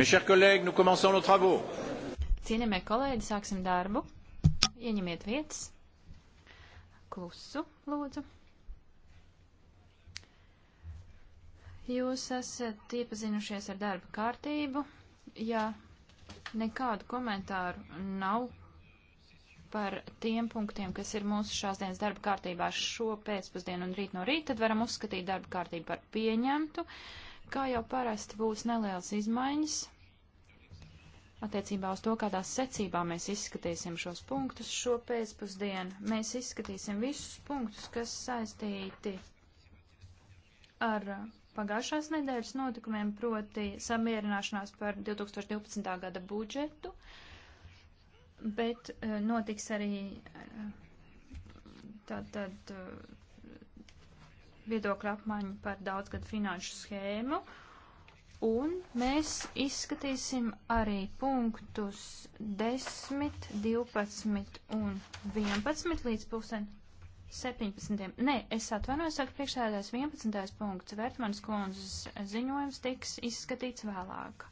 Mes chers collègues, nous commençons nos travaux. Cienījamie kolēģi, sāksim darbu. Ieņemiet vietas. Klusu, lūdzu. Jūs esat iepazinušies ar darba kārtību. Ja nekādu komentāru nav par tiem punktiem, kas ir mūsu šās dienas darba kārtībā šo pēcpusdienu un rīt no rīta, tad varam uzskatīt darba kārtību par pieņemtu. Uh, Kā jau parasti būs nelielas izmaiņas attiecībā uz to, kādā secībā mēs izskatīsim šos punktus šo pēcpusdienu. Mēs izskatīsim visus punktus, kas saistīti ar pagājušās nedēļas notikumiem, proti samierināšanās par 2012. gada budžetu, bet eh, notiks arī eh, tātad. Tā, eh, viedokļa apmaiņu par daudzgadu finanšu schēmu. Un mēs izskatīsim arī punktus 10, 12 un 11 līdz pusdien 17. Nē, es atvainojos, saka priekšsēdētājs 11. punkts. Vērtmanas kundzes ziņojums tiks izskatīts vēlāk.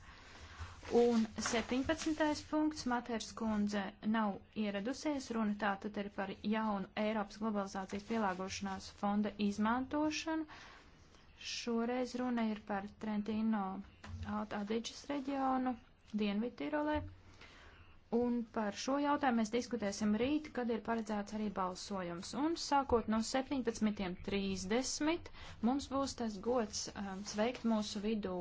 Un 17. punkts, Matērs kundze nav ieradusies, runa tā tad ir par jaunu Eiropas globalizācijas pielāgošanās fonda izmantošanu. Šoreiz runa ir par Trentino Alta Adiģis reģionu, Dienvidtirolē. Un par šo jautājumu mēs diskutēsim rīt, kad ir paredzēts arī balsojums. Un sākot no 17.30 mums būs tas gods um, sveikt mūsu vidū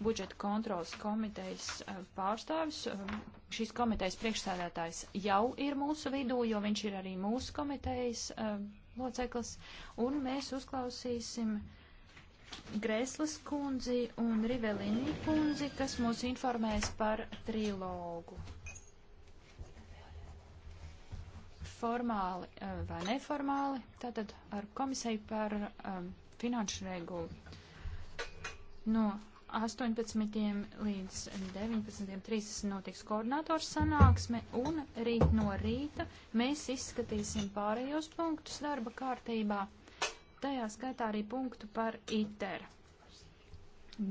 budžeta kontrolas komitejas eh, pārstāvis. Eh, šīs komitejas priekšsēdētājs jau ir mūsu vidū, jo viņš ir arī mūsu komitejas eh, loceklis, un mēs uzklausīsim Grēslas kundzi un Rivelīni kundzi, kas mūs informēs par trilogu. Formāli vai neformāli, tātad ar komisiju par um, finanšu regulu. No nu, 18. līdz 19.30 notiks koordinātors sanāksme, un rīt no rīta mēs izskatīsim pārējos punktus darba kārtībā. Tajā skaitā arī punktu par ITER.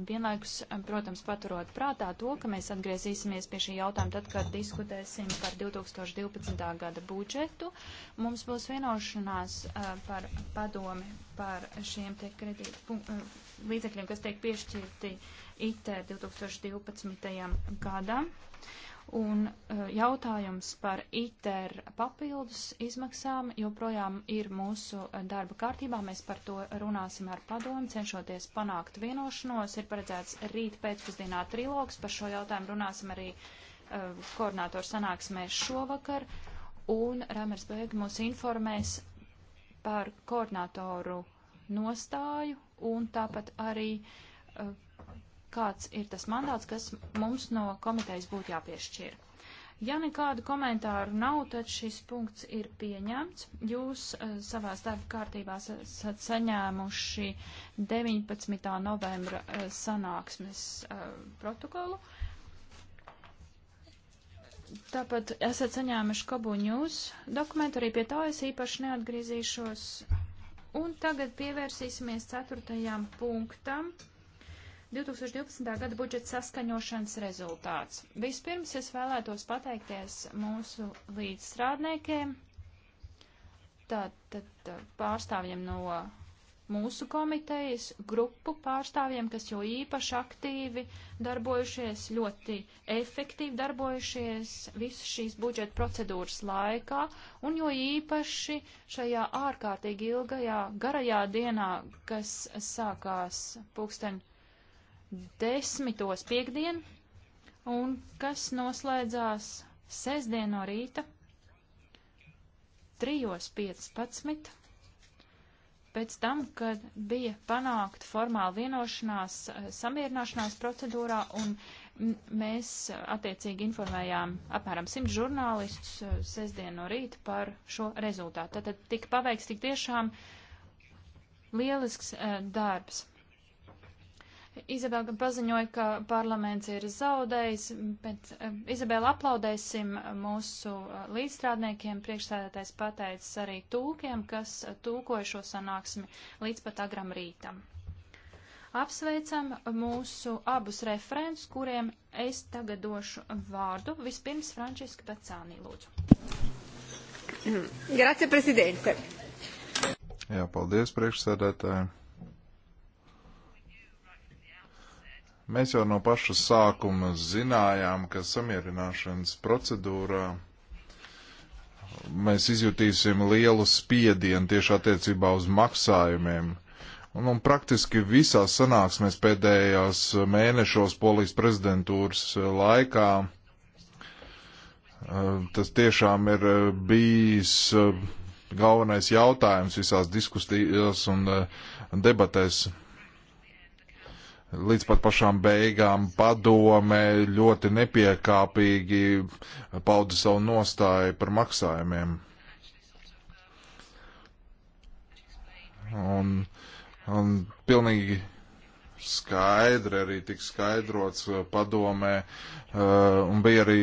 Vienlaikus, protams, paturot prātā to, ka mēs atgriezīsimies pie šī jautājuma tad, kad diskutēsim par 2012. gada budžetu. Mums būs vienošanās uh, par padomi par šiem te kredītu punktiem. Uh, līdzekļiem, kas tiek piešķirti ITER 2012. gadam. Un e, jautājums par ITER papildus izmaksām joprojām ir mūsu darba kārtībā. Mēs par to runāsim ar padomu, cenšoties panākt vienošanos. Ir paredzēts rīt pēcpusdienā trilogs. Par šo jautājumu runāsim arī uh, koordinātoru sanāksmē šovakar. Un Rāmers Bēgi mūs informēs par koordinātoru nostāju un tāpat arī eh, kāds ir tas mandāts, kas mums no komitejas būtu jāpiešķir. Ja nekādu komentāru nav, tad šis punkts ir pieņemts. Jūs eh, savā darba kārtībā esat saņēmuši 19. novembra eh, sanāksmes protokolu. Tāpat esat saņēmuši Kobu News dokumentu, arī pie tā es īpaši neatgriezīšos. Un tagad pievērsīsimies ceturtajām punktam. 2012. gada budžeta saskaņošanas rezultāts. Vispirms es vēlētos pateikties mūsu līdzstrādniekiem, tātad pārstāvjiem no mūsu komitejas grupu pārstāvjiem, kas jau īpaši aktīvi darbojušies, ļoti efektīvi darbojušies visu šīs budžeta procedūras laikā, un jo īpaši šajā ārkārtīgi ilgajā, garajā dienā, kas sākās pulksten desmitos piekdien, un kas noslēdzās sestdien no rīta 3.15 pēc tam, kad bija panākt formāla vienošanās eh, samierināšanās procedūrā, un mēs eh, attiecīgi informējām apmēram simt žurnālistus eh, sestdien no rīta par šo rezultātu. Tad tika paveikts tik tiešām lielisks darbs. Izabela paziņoja, ka parlaments ir zaudējis, bet eh, Izabela aplaudēsim mūsu eh, līdzstrādniekiem. Priekšsēdētājs pateicis arī tūkiem, kas eh, tūkoja šo sanāksmi līdz pat agram rītam. Apsveicam mūsu abus referents, kuriem es tagad došu vārdu. Vispirms Frančiska Pecānī, lūdzu. Grazie, prezidente. Jā, paldies, priekšsēdētāji. Mēs jau no paša sākuma zinājām, ka samierināšanas procedūrā mēs izjutīsim lielu spiedienu tieši attiecībā uz maksājumiem. Un, un praktiski visās sanāksmēs pēdējās mēnešos polijas prezidentūras laikā eh, tas tiešām ir eh, bijis eh, galvenais jautājums visās diskusijās un debatēs līdz pat pašām beigām padome ļoti nepiekāpīgi pauda savu nostāju par maksājumiem. Un, un pilnīgi skaidri arī tik skaidrots eh, padomē, eh, un bija arī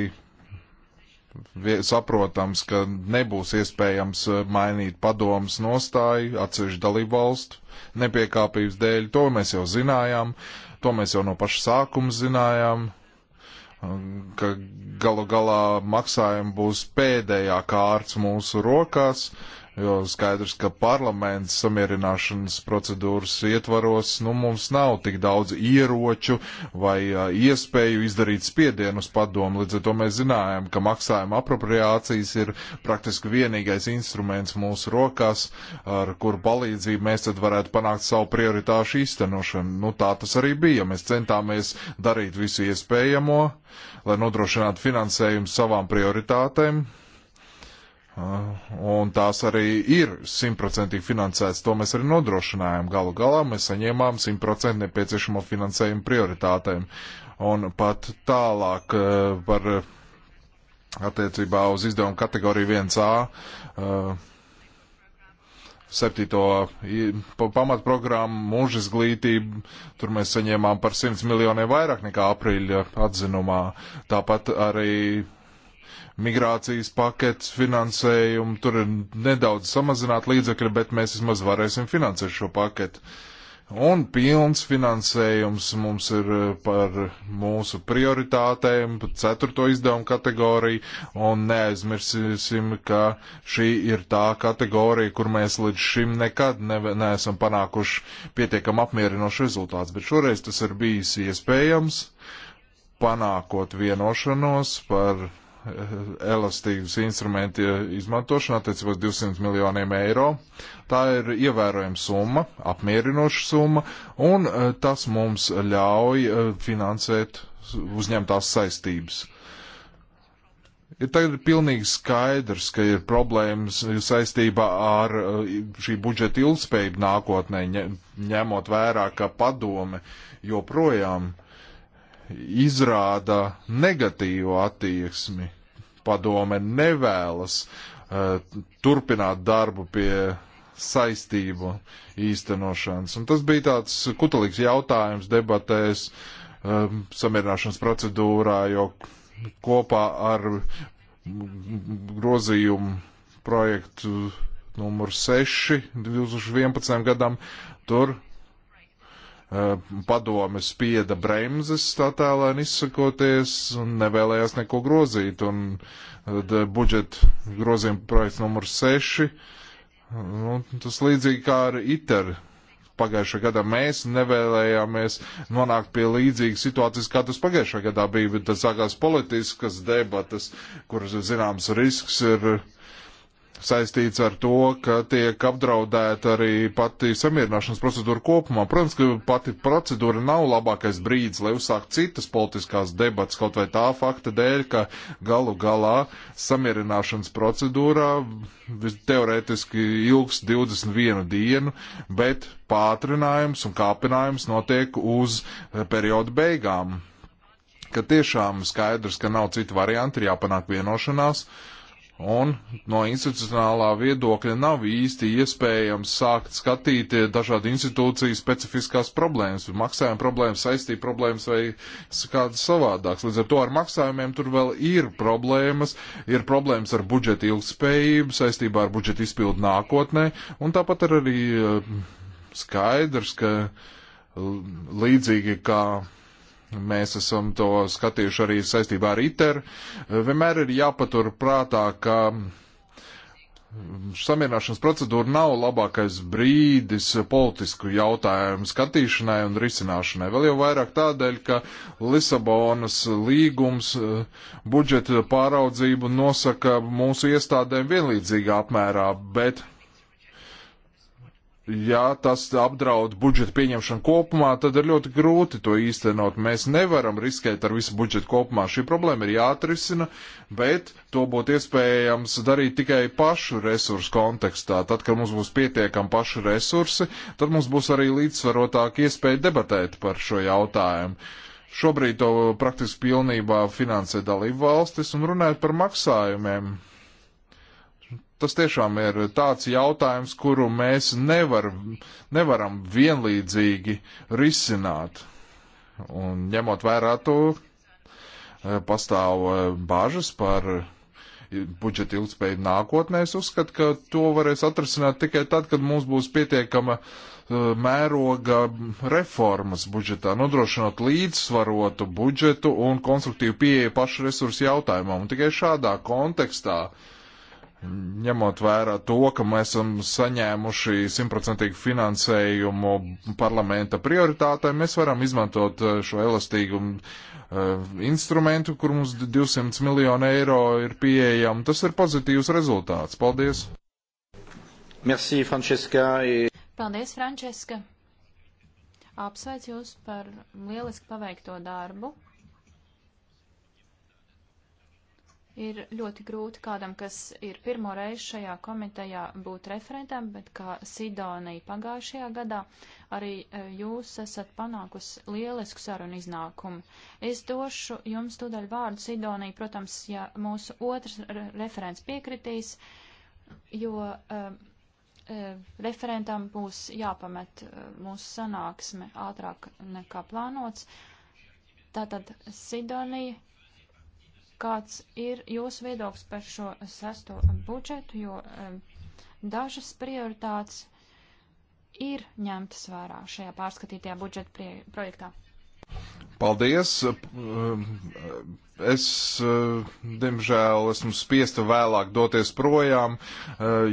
saprotams, ka nebūs iespējams eh, mainīt padomas nostāju atsevišķu dalību valstu nepiekāpības dēļ. To mēs jau zinājām, to mēs jau no paša sākuma zinājām, ka galu galā maksājumi būs pēdējā kārts mūsu rokās, jo skaidrs, ka parlaments samierināšanas procedūras ietvaros, nu, mums nav tik daudz ieroču vai uh, iespēju izdarīt spiedienu uz padomu. Līdz ar to mēs zinājām, ka maksājuma apropriācijas ir praktiski vienīgais instruments mūsu rokās, ar kuru palīdzību mēs tad varētu panākt savu prioritāšu īstenošanu. Nu, tā tas arī bija. Mēs centāmies darīt visu iespējamo, lai nodrošinātu finansējumu savām prioritātēm Un tās arī ir simtprocentīgi finansētas. To mēs arī nodrošinājām. Galu galā mēs saņēmām simtprocentīgi nepieciešamo finansējumu prioritātēm. Un pat tālāk par attiecībā uz izdevumu kategoriju 1A septīto pamatprogrammu, mūža izglītību. Tur mēs saņēmām par 100 miljoniem vairāk nekā aprīļa atzinumā. Tāpat arī migrācijas pakets, finansējumu, tur ir nedaudz samazināt līdzekļi, bet mēs vismaz varēsim finansēt šo paketu. Un pilns finansējums mums ir eh, par mūsu prioritātēm, par ceturto izdevumu kategoriju, un neaizmirsīsim, ka šī ir tā kategorija, kur mēs līdz šim nekad ne, neesam panākuši pietiekam apmierinošu rezultāts, bet šoreiz tas ir bijis iespējams, panākot vienošanos par elastības instrumenti izmantošana attiecībā uz 200 miljoniem eiro. Tā ir ievērojama summa, apmierinoša summa, un e, tas mums ļauj e, finansēt uzņemtās saistības. Ir tagad pilnīgi skaidrs, ka ir problēmas saistībā ar e, šī budžeta ilgspējību nākotnē, ņemot vērā, ka padome joprojām uh, izrāda negatīvu attieksmi. Padome nevēlas uh, turpināt darbu pie saistību īstenošanas. Un tas bija tāds kutelīgs jautājums debatēs, um, samierināšanas procedūrā, jo kopā ar grozījumu projektu numur 6 2011. gadam tur Eh, padome spieda bremzes, tā tālēn izsakoties, un nevēlējās neko grozīt. Un eh, budžeta grozījuma projekts numur 6, nu, tas līdzīgi kā ar ITER. Pagājušā gadā mēs nevēlējāmies nonākt pie līdzīgas situācijas, kā tas pagājušā gadā bija, bet tas sākās politiskas debatas, kuras zināms risks ir uh, saistīts ar to, ka tiek apdraudēta arī pati samierināšanas procedūra kopumā. Protams, ka pati procedūra nav labākais brīdis, lai uzsākt citas politiskās debatas, kaut vai tā fakta dēļ, ka galu galā samierināšanas procedūrā teoretiski ilgs 21 dienu, bet pātrinājums un kāpinājums notiek uz eh, periodu beigām. Ka tiešām skaidrs, ka nav citu variantu, ir jāpanāk vienošanās. Uh, Un no institucionālā viedokļa nav īsti iespējams sākt skatīt dažādu institūciju specifiskās problēmas, maksājuma problēmas, saistību problēmas vai kādas savādākas. Līdz ar to ar maksājumiem tur vēl ir problēmas, ir problēmas ar budžeta ilgspējību, saistībā ar budžeta izpildu nākotnē, un tāpat ir arī eh, skaidrs, ka līdzīgi kā Mēs esam to skatījuši arī saistībā ar ITER. Vienmēr ir jāpatur prātā, ka samierināšanas procedūra nav labākais brīdis politisku jautājumu skatīšanai un risināšanai. Vēl jau vairāk tādēļ, ka Lisabonas līgums budžeta pāraudzību nosaka mūsu iestādēm vienlīdzīgā apmērā, bet ja tas apdraud budžeta pieņemšanu kopumā, tad ir ļoti grūti to īstenot. Mēs nevaram riskēt ar visu budžetu kopumā. Šī problēma ir jāatrisina, bet to būtu iespējams darīt tikai pašu resursu kontekstā. Tad, kad mums būs pietiekami paši resursi, tad mums būs arī līdzsvarotāk iespēja debatēt par šo jautājumu. Šobrīd to praktiski pilnībā finansē dalību valstis un runājot par maksājumiem Tas tiešām ir tāds jautājums, kuru mēs nevar, nevaram vienlīdzīgi risināt. Un ņemot vērā to, eh, pastāv eh, bāžas par budžeta ilgspējību nākotnē, es uzskatu, ka to varēs atrasināt tikai tad, kad mums būs pietiekama eh, mēroga reformas budžetā, nodrošinot līdzsvarotu budžetu un konstruktīvu pieeju pašu resursu jautājumam. Un tikai šādā kontekstā uh, ņemot vērā to, ka mēs esam saņēmuši simtprocentīgu finansējumu parlamenta prioritātēm, mēs varam izmantot uh, šo elastīgumu uh, instrumentu, kur mums 200 miljonu eiro ir pieejama. Tas ir pozitīvs rezultāts. Paldies! Merci, Frančiska! E- Paldies, Frančiska! Apsveic jūs par lieliski paveikto darbu. Ir ļoti grūti kādam, kas ir pirmo reizi šajā komitejā būt referentam, bet kā Sidonija pagājušajā gadā, arī eh, jūs esat panākus lielisku sarunu iznākumu. Es došu jums tūdaļ vārdu Sidonija, protams, ja mūsu otrs referents piekritīs, jo uh, referentam būs jāpamet mūsu sanāksme ātrāk nekā plānots. Tātad Sidonija kāds ir jūsu viedoklis par šo sesto budžetu, jo um, dažas prioritātes ir ņemtas vērā šajā pārskatītajā budžeta prie, projektā. Paldies! Es, diemžēl, esmu spiesta vēlāk doties projām,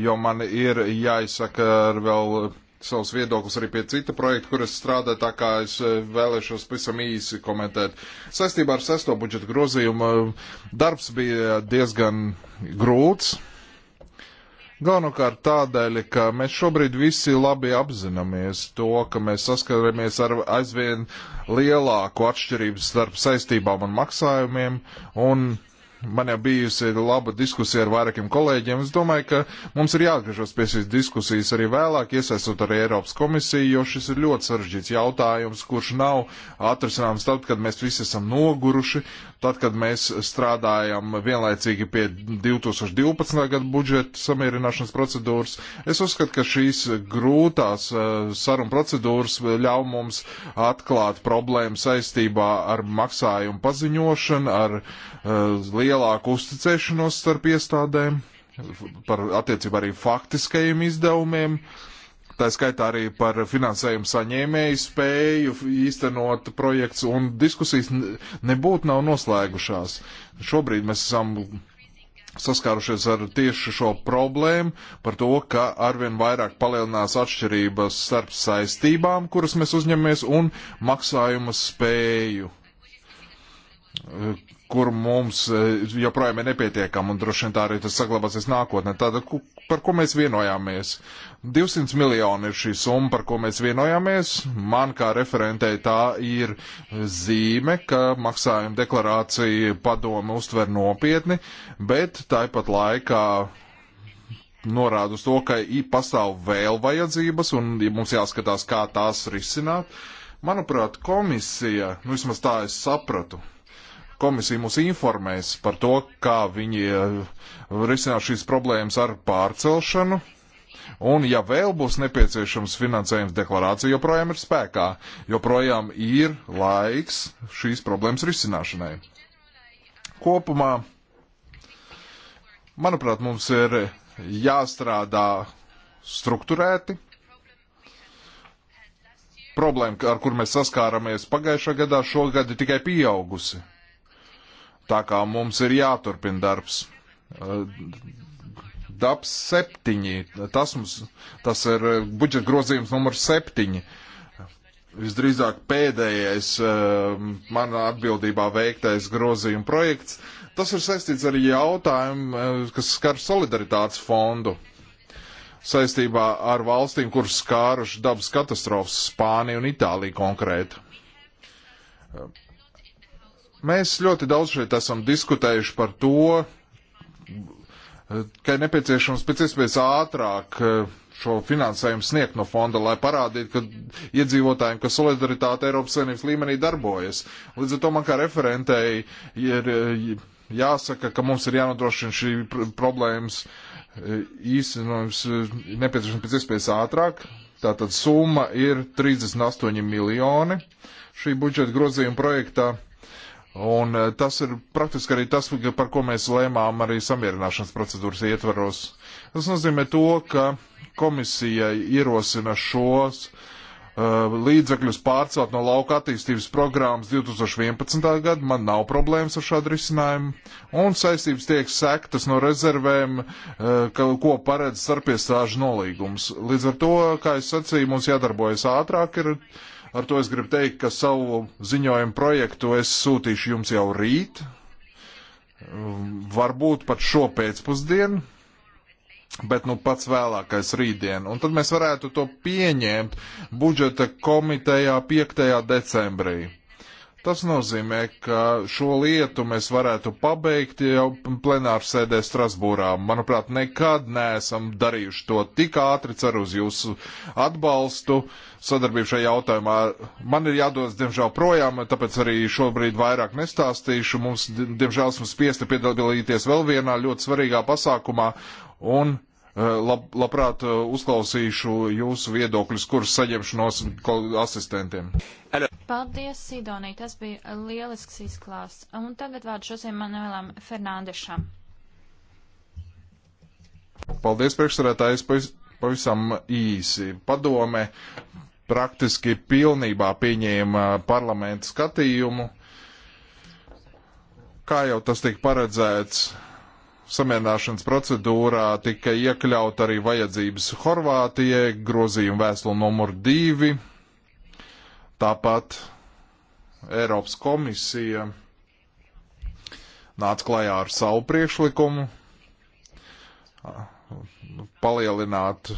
jo man ir jāizsaka ar vēl savus viedokļus arī pie cita projekta, kur es strādāju, tā kā es eh, vēlēšos pavisam īsi komentēt. Sestībā ar sesto budžeta grozījumu eh, darbs bija diezgan grūts. Galvenokārt tādēļ, ka mēs šobrīd visi labi apzināmies to, ka mēs saskaramies ar aizvien lielāku atšķirību starp saistībām un maksājumiem, un Man jau bijusi laba diskusija ar vairākiem kolēģiem. Es domāju, ka mums ir jāatgriežas pie šīs diskusijas arī vēlāk, iesaistot arī Eiropas komisiju, jo šis ir ļoti sarežģīts jautājums, kurš nav atrisināms tad, kad mēs visi esam noguruši, tad, kad mēs strādājam vienlaicīgi pie 2012. gada budžeta samierināšanas procedūras. Es uzskatu, ka šīs grūtās eh, saruna procedūras ļauj mums atklāt problēmu saistībā ar maksājumu paziņošanu, ar uh, lielāku uzticēšanos starp iestādēm, par attiecībā arī faktiskajiem izdevumiem, tā skaitā arī par finansējumu saņēmēju spēju īstenot projekts, un diskusijas nebūtu nav noslēgušās. Šobrīd mēs esam saskārušies ar tieši šo problēmu par to, ka arvien vairāk palielinās atšķirības starp saistībām, kuras mēs uzņemamies, un maksājuma spēju kur mums e, joprojām ir nepietiekama, un droši vien tā arī tas saglabāsies nākotnē. Tātad, par ko mēs vienojāmies? 200 miljoni ir šī summa, par ko mēs vienojāmies. Man kā referentē tā ir zīme, ka maksājuma deklarācija padome uztver nopietni, bet tāpat laikā norāda uz to, ka pastāv vēl vajadzības, un ja mums jāskatās, kā tās risināt. Manuprāt, komisija, nu vismaz tā es sapratu, komisija mūs informēs par to, kā viņi eh, risinās šīs problēmas ar pārcelšanu. Un, ja vēl būs nepieciešams finansējums, deklarācija joprojām ir spēkā, joprojām ir laiks šīs problēmas risināšanai. Kopumā, manuprāt, mums ir jāstrādā struktūrēti. Problēma, ar kur mēs saskāramies pagājušā gadā, šogad ir tikai pieaugusi. Tā kā mums ir jāturpina darbs. Dabs septiņi, tas mums, tas ir budžeta grozījums numur septiņi. Visdrīzāk pēdējais manā atbildībā veiktais grozījuma projekts. Tas ir saistīts ar jautājumu, kas skar solidaritātes fondu saistībā ar valstīm, kuras skāruši dabas katastrofas Spāniju un Itāliju konkrēti Mēs ļoti daudz šeit esam diskutējuši par to, ka ir nepieciešams pēc iespējas ātrāk eh, šo finansējumu sniegt no fonda, lai parādītu, ka iedzīvotājiem, ka solidaritāte Eiropas Savienības līmenī darbojas. Līdz ar to man kā referentei ir eh, jāsaka, ka mums ir jānodrošina šī problēmas eh, īstenojums nepieciešams pēc iespējas ātrāk. Tātad summa ir 38 miljoni šī budžeta grozījuma projektā. Un eh, tas ir praktiski arī tas, par ko mēs lēmām arī samierināšanas procedūras ietvaros. Tas nozīmē to, ka komisija ierosina šos uh, līdzekļus pārcelt no lauka attīstības programmas 2011. gadu. Man nav problēmas ar šādu risinājumu. Un saistības tiek sektas no rezervēm, uh, ko paredz starpiestāžu nolīgums. Līdz ar to, kā es sacīju, mums jādarbojas ātrāk. Ir, uh, Ar to es gribu teikt, ka savu ziņojumu projektu es sūtīšu jums jau rīt, varbūt pat šo pēcpusdienu, bet nu pats vēlākais rītdien. Un tad mēs varētu to pieņemt budžeta komitejā 5. decembrī. Tas nozīmē, ka šo lietu mēs varētu pabeigt jau plenāru sēdē Strasbūrā. Manuprāt, nekad neesam darījuši to tik ātri. Ceru uz jūsu atbalstu sadarbību šajā jautājumā. Man ir jādodas, diemžēl, projām, tāpēc arī šobrīd vairāk nestāstīšu. Mums, diemžēl, esmu spiesti piedalīties vēl vienā ļoti svarīgā pasākumā. Un Eh, lab, labprāt eh, uzklausīšu jūsu viedokļus, kurus saņemšu no asistentiem. Paldies, Sidonī, tas bija lielisks izklāsts. Un tagad vārdu šosim Manuēlam Fernandešam. Paldies, priekšsarētājs, pavisam īsi. Padome praktiski pilnībā pieņēma parlamentu skatījumu. Kā jau tas tika paredzēts, samierināšanas procedūrā tika iekļaut arī vajadzības Horvātijai, grozījuma vēstule numur divi. Tāpat Eiropas komisija nāca klajā ar savu priekšlikumu palielināt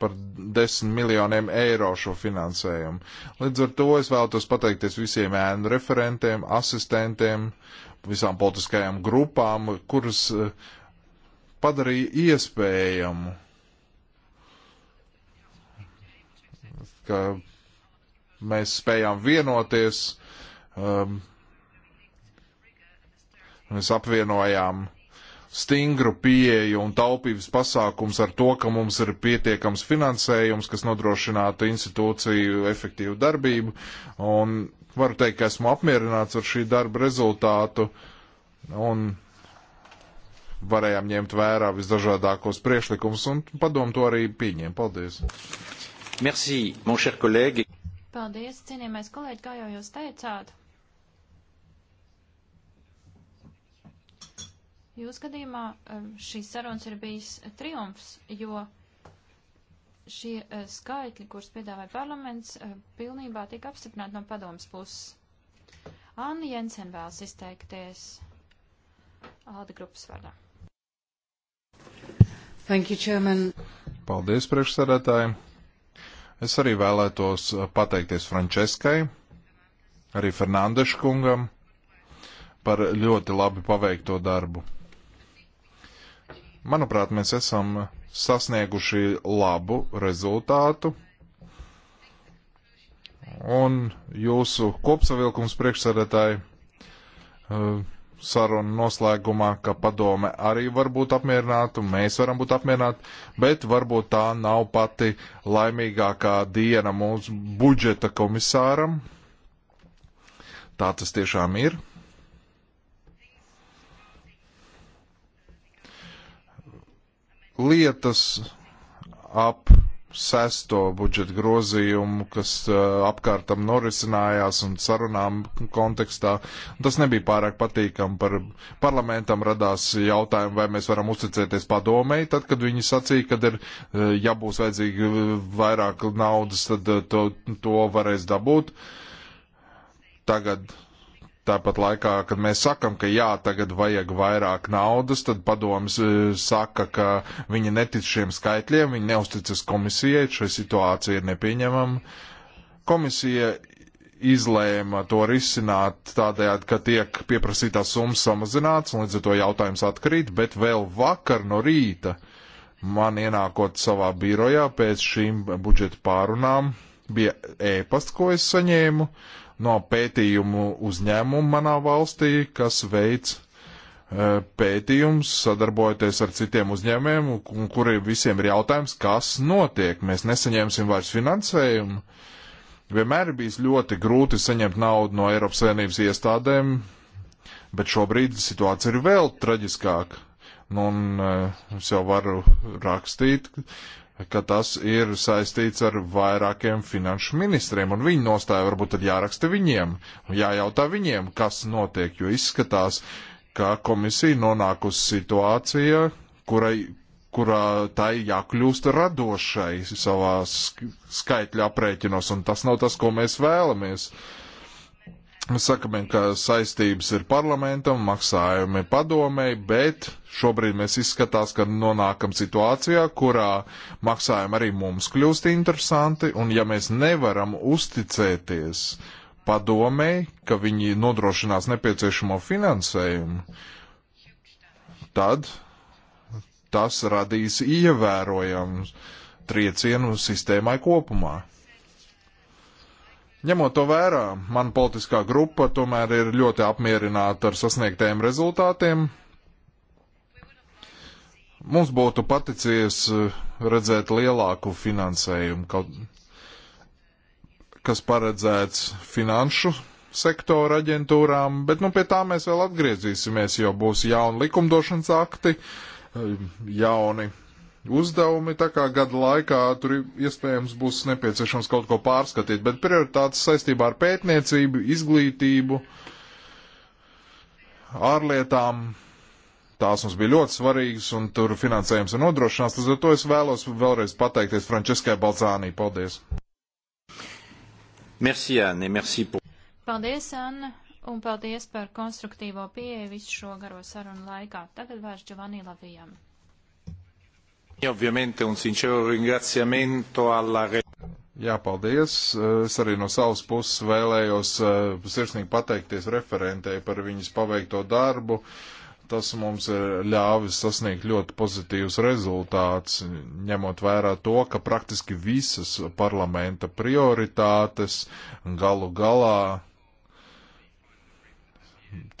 par 10 miljoniem eiro šo finansējumu. Līdz ar to es vēlos pateikties visiem ēnu referentiem, asistentiem, uh, visām politiskajām grupām, kuras eh, padarīja iespējamu, ka mēs spējām vienoties, um, mēs apvienojām stingru pieeju un taupības pasākums ar to, ka mums ir pietiekams finansējums, kas nodrošinātu institūciju efektīvu darbību, un varu teikt, ka esmu apmierināts ar šī darba rezultātu un varējām ņemt vērā visdažādākos priekšlikumus un padomu to arī pieņem. Paldies! Merci, mon cher kolēģi! Paldies, cienījamais kolēģi, kā jau jūs teicāt. Jūs gadījumā eh, šīs sarunas ir bijis triumfs, jo šie uh, skaitļi, kurus piedāvāja parlaments, uh, pilnībā tika apstiprināti no padomas puses. Anna Jensen vēlas izteikties Alda grupas vārdā. Thank you, Chairman. Paldies, priekšsēdētāji. Es arī vēlētos eh, pateikties Franceskai, arī Fernandešu kungam par ļoti labi paveikto darbu. Manuprāt, mēs esam sasnieguši labu rezultātu. Un jūsu kopsavilkums priekšsēdētāji eh, sarunu noslēgumā, ka padome arī var būt apmierināta, un mēs varam būt apmierināti, bet varbūt tā nav pati laimīgākā diena mūsu budžeta komisāram. Tā tas tiešām ir. lietas ap sesto budžeta grozījumu, kas uh, apkārtam norisinājās un sarunām kontekstā. Tas nebija pārāk patīkam par parlamentam radās jautājumu, vai mēs varam uzticēties padomēji, tad, kad viņi sacīja, kad ir, uh, ja būs vajadzīgi vairāk naudas, tad uh, to, to varēs dabūt. Tagad Tāpat laikā, kad mēs sakam, ka jā, tagad vajag vairāk naudas, tad padomas e, saka, ka viņi netic šiem skaitļiem, viņi neusticas komisijai, šī situācija ir nepieņemama. Komisija izlēma to risināt tādējādi, ka tiek pieprasītās summas samazināts, un līdz ar to jautājums atkrīt, bet vēl vakar no rīta man ienākot savā birojā pēc šīm budžeta pārunām bija ēpasts, ko es saņēmu, uh, no pētījumu uzņēmumu manā valstī, kas veids e, pētījums, sadarbojoties ar citiem uzņēmējiem, kuriem visiem ir jautājums, kas notiek. Mēs nesaņemsim vairs finansējumu. Vienmēr ir bijis ļoti grūti saņemt naudu no Eiropas Savienības iestādēm, bet šobrīd situācija ir vēl traģiskāka. Nu, un e, es jau varu rakstīt, ka tas ir saistīts ar vairākiem finanšu ministriem, un viņu nostāja varbūt tad jāraksta viņiem, jājautā viņiem, kas notiek, jo izskatās, ka komisija nonākusi situācija, kurai kurā tai jākļūst radošai savā skaitļa aprēķinos, un tas nav tas, ko mēs vēlamies. Uh, Mēs sakam, ka saistības ir parlamentam, maksājumi padomēji, bet šobrīd mēs izskatās, ka nonākam situācijā, kurā maksājumi arī mums kļūst interesanti, un ja mēs nevaram uzticēties padomēji, ka viņi nodrošinās nepieciešamo finansējumu, tad tas radīs ievērojamu triecienu sistēmai kopumā. Ņemot to vērā, man politiskā grupa tomēr ir ļoti apmierināta ar sasniegtajiem rezultātiem. Mums būtu paticies eh, redzēt lielāku finansējumu, kaut, kas paredzēts finanšu sektora aģentūrām, bet nu, pie tā mēs vēl atgriezīsimies, jo būs jauni likumdošanas akti, eh, jauni uzdevumi, tā kā gada laikā tur iespējams būs nepieciešams kaut ko pārskatīt, bet prioritātes saistībā ar pētniecību, izglītību, ārlietām, tās mums bija ļoti svarīgas un tur finansējums ir nodrošināts, tad ar to es vēlos vēlreiz pateikties Frančiskai Balcānī. Paldies! Merci, Anne, merci pour... Paldies, Anne, un paldies par konstruktīvo pieeju visu šo garo sarunu laikā. Tagad vairs Giovanni Lavijam. E ovviamente un sincero ringraziamento alla Jā, paldies. Es arī no savas puses vēlējos eh, sirsnīgi pateikties referentei par viņas paveikto darbu. Tas mums ir ļāvis sasniegt ļoti pozitīvus rezultātus, ņemot vērā to, ka praktiski visas parlamenta prioritātes galu galā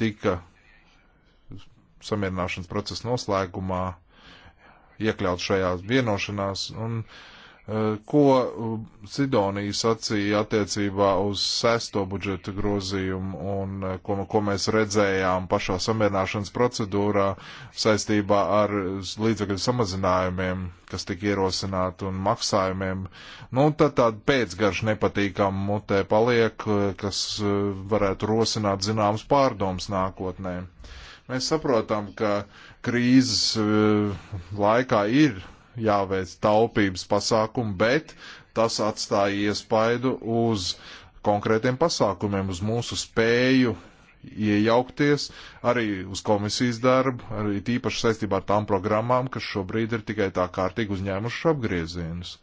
tika samierināšanas procesa noslēgumā iekļauts šajā vienošanās, un eh, ko eh, Sidonija sacīja attiecībā uz sesto budžeta grozījumu un eh, ko, ko mēs redzējām pašā samierināšanas procedūrā saistībā ar līdzekļu samazinājumiem, kas tika ierosināti un maksājumiem. Nu, tad tāda pēcgarša nepatīkam mutē paliek, kas varētu rosināt zināmas pārdomas nākotnē. Mēs saprotam, ka krīzes eh, laikā ir jāveic taupības pasākumi, bet tas atstāja iespaidu uz konkrētiem pasākumiem, uz mūsu spēju iejaukties, arī uz komisijas darbu, arī tīpaši saistībā ar tām programmām, kas šobrīd ir tikai tā kārtīgi uzņēmušas apgriezienus.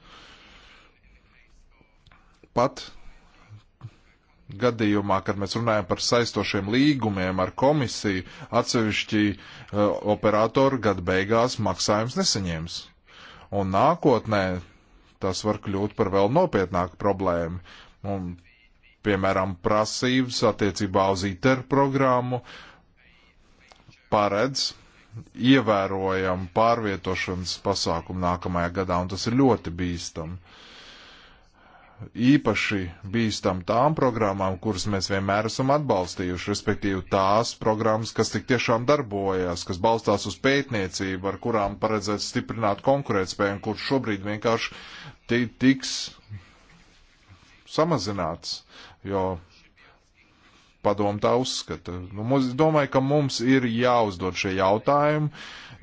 Pat gadījumā, kad mēs runājam par saistošiem līgumiem ar komisiju, atsevišķi uh, eh, operatori gada beigās maksājums nesaņems. Un nākotnē tas var kļūt par vēl nopietnāku problēmu. Un, piemēram, prasības attiecībā uz ITER programmu paredz ievērojam pārvietošanas pasākumu nākamajā gadā, un tas ir ļoti bīstami. Uh, īpaši bīstam tām programmām, kuras mēs vienmēr esam atbalstījuši, respektīvi tās programmas, kas tik tiešām darbojas, kas balstās uz pētniecību, ar kurām paredzēts stiprināt konkurētspēju, un kurš šobrīd vienkārši tiks samazināts, jo padomu tā uzskata. Nu, mums, domāju, ka mums ir jāuzdod šie jautājumi,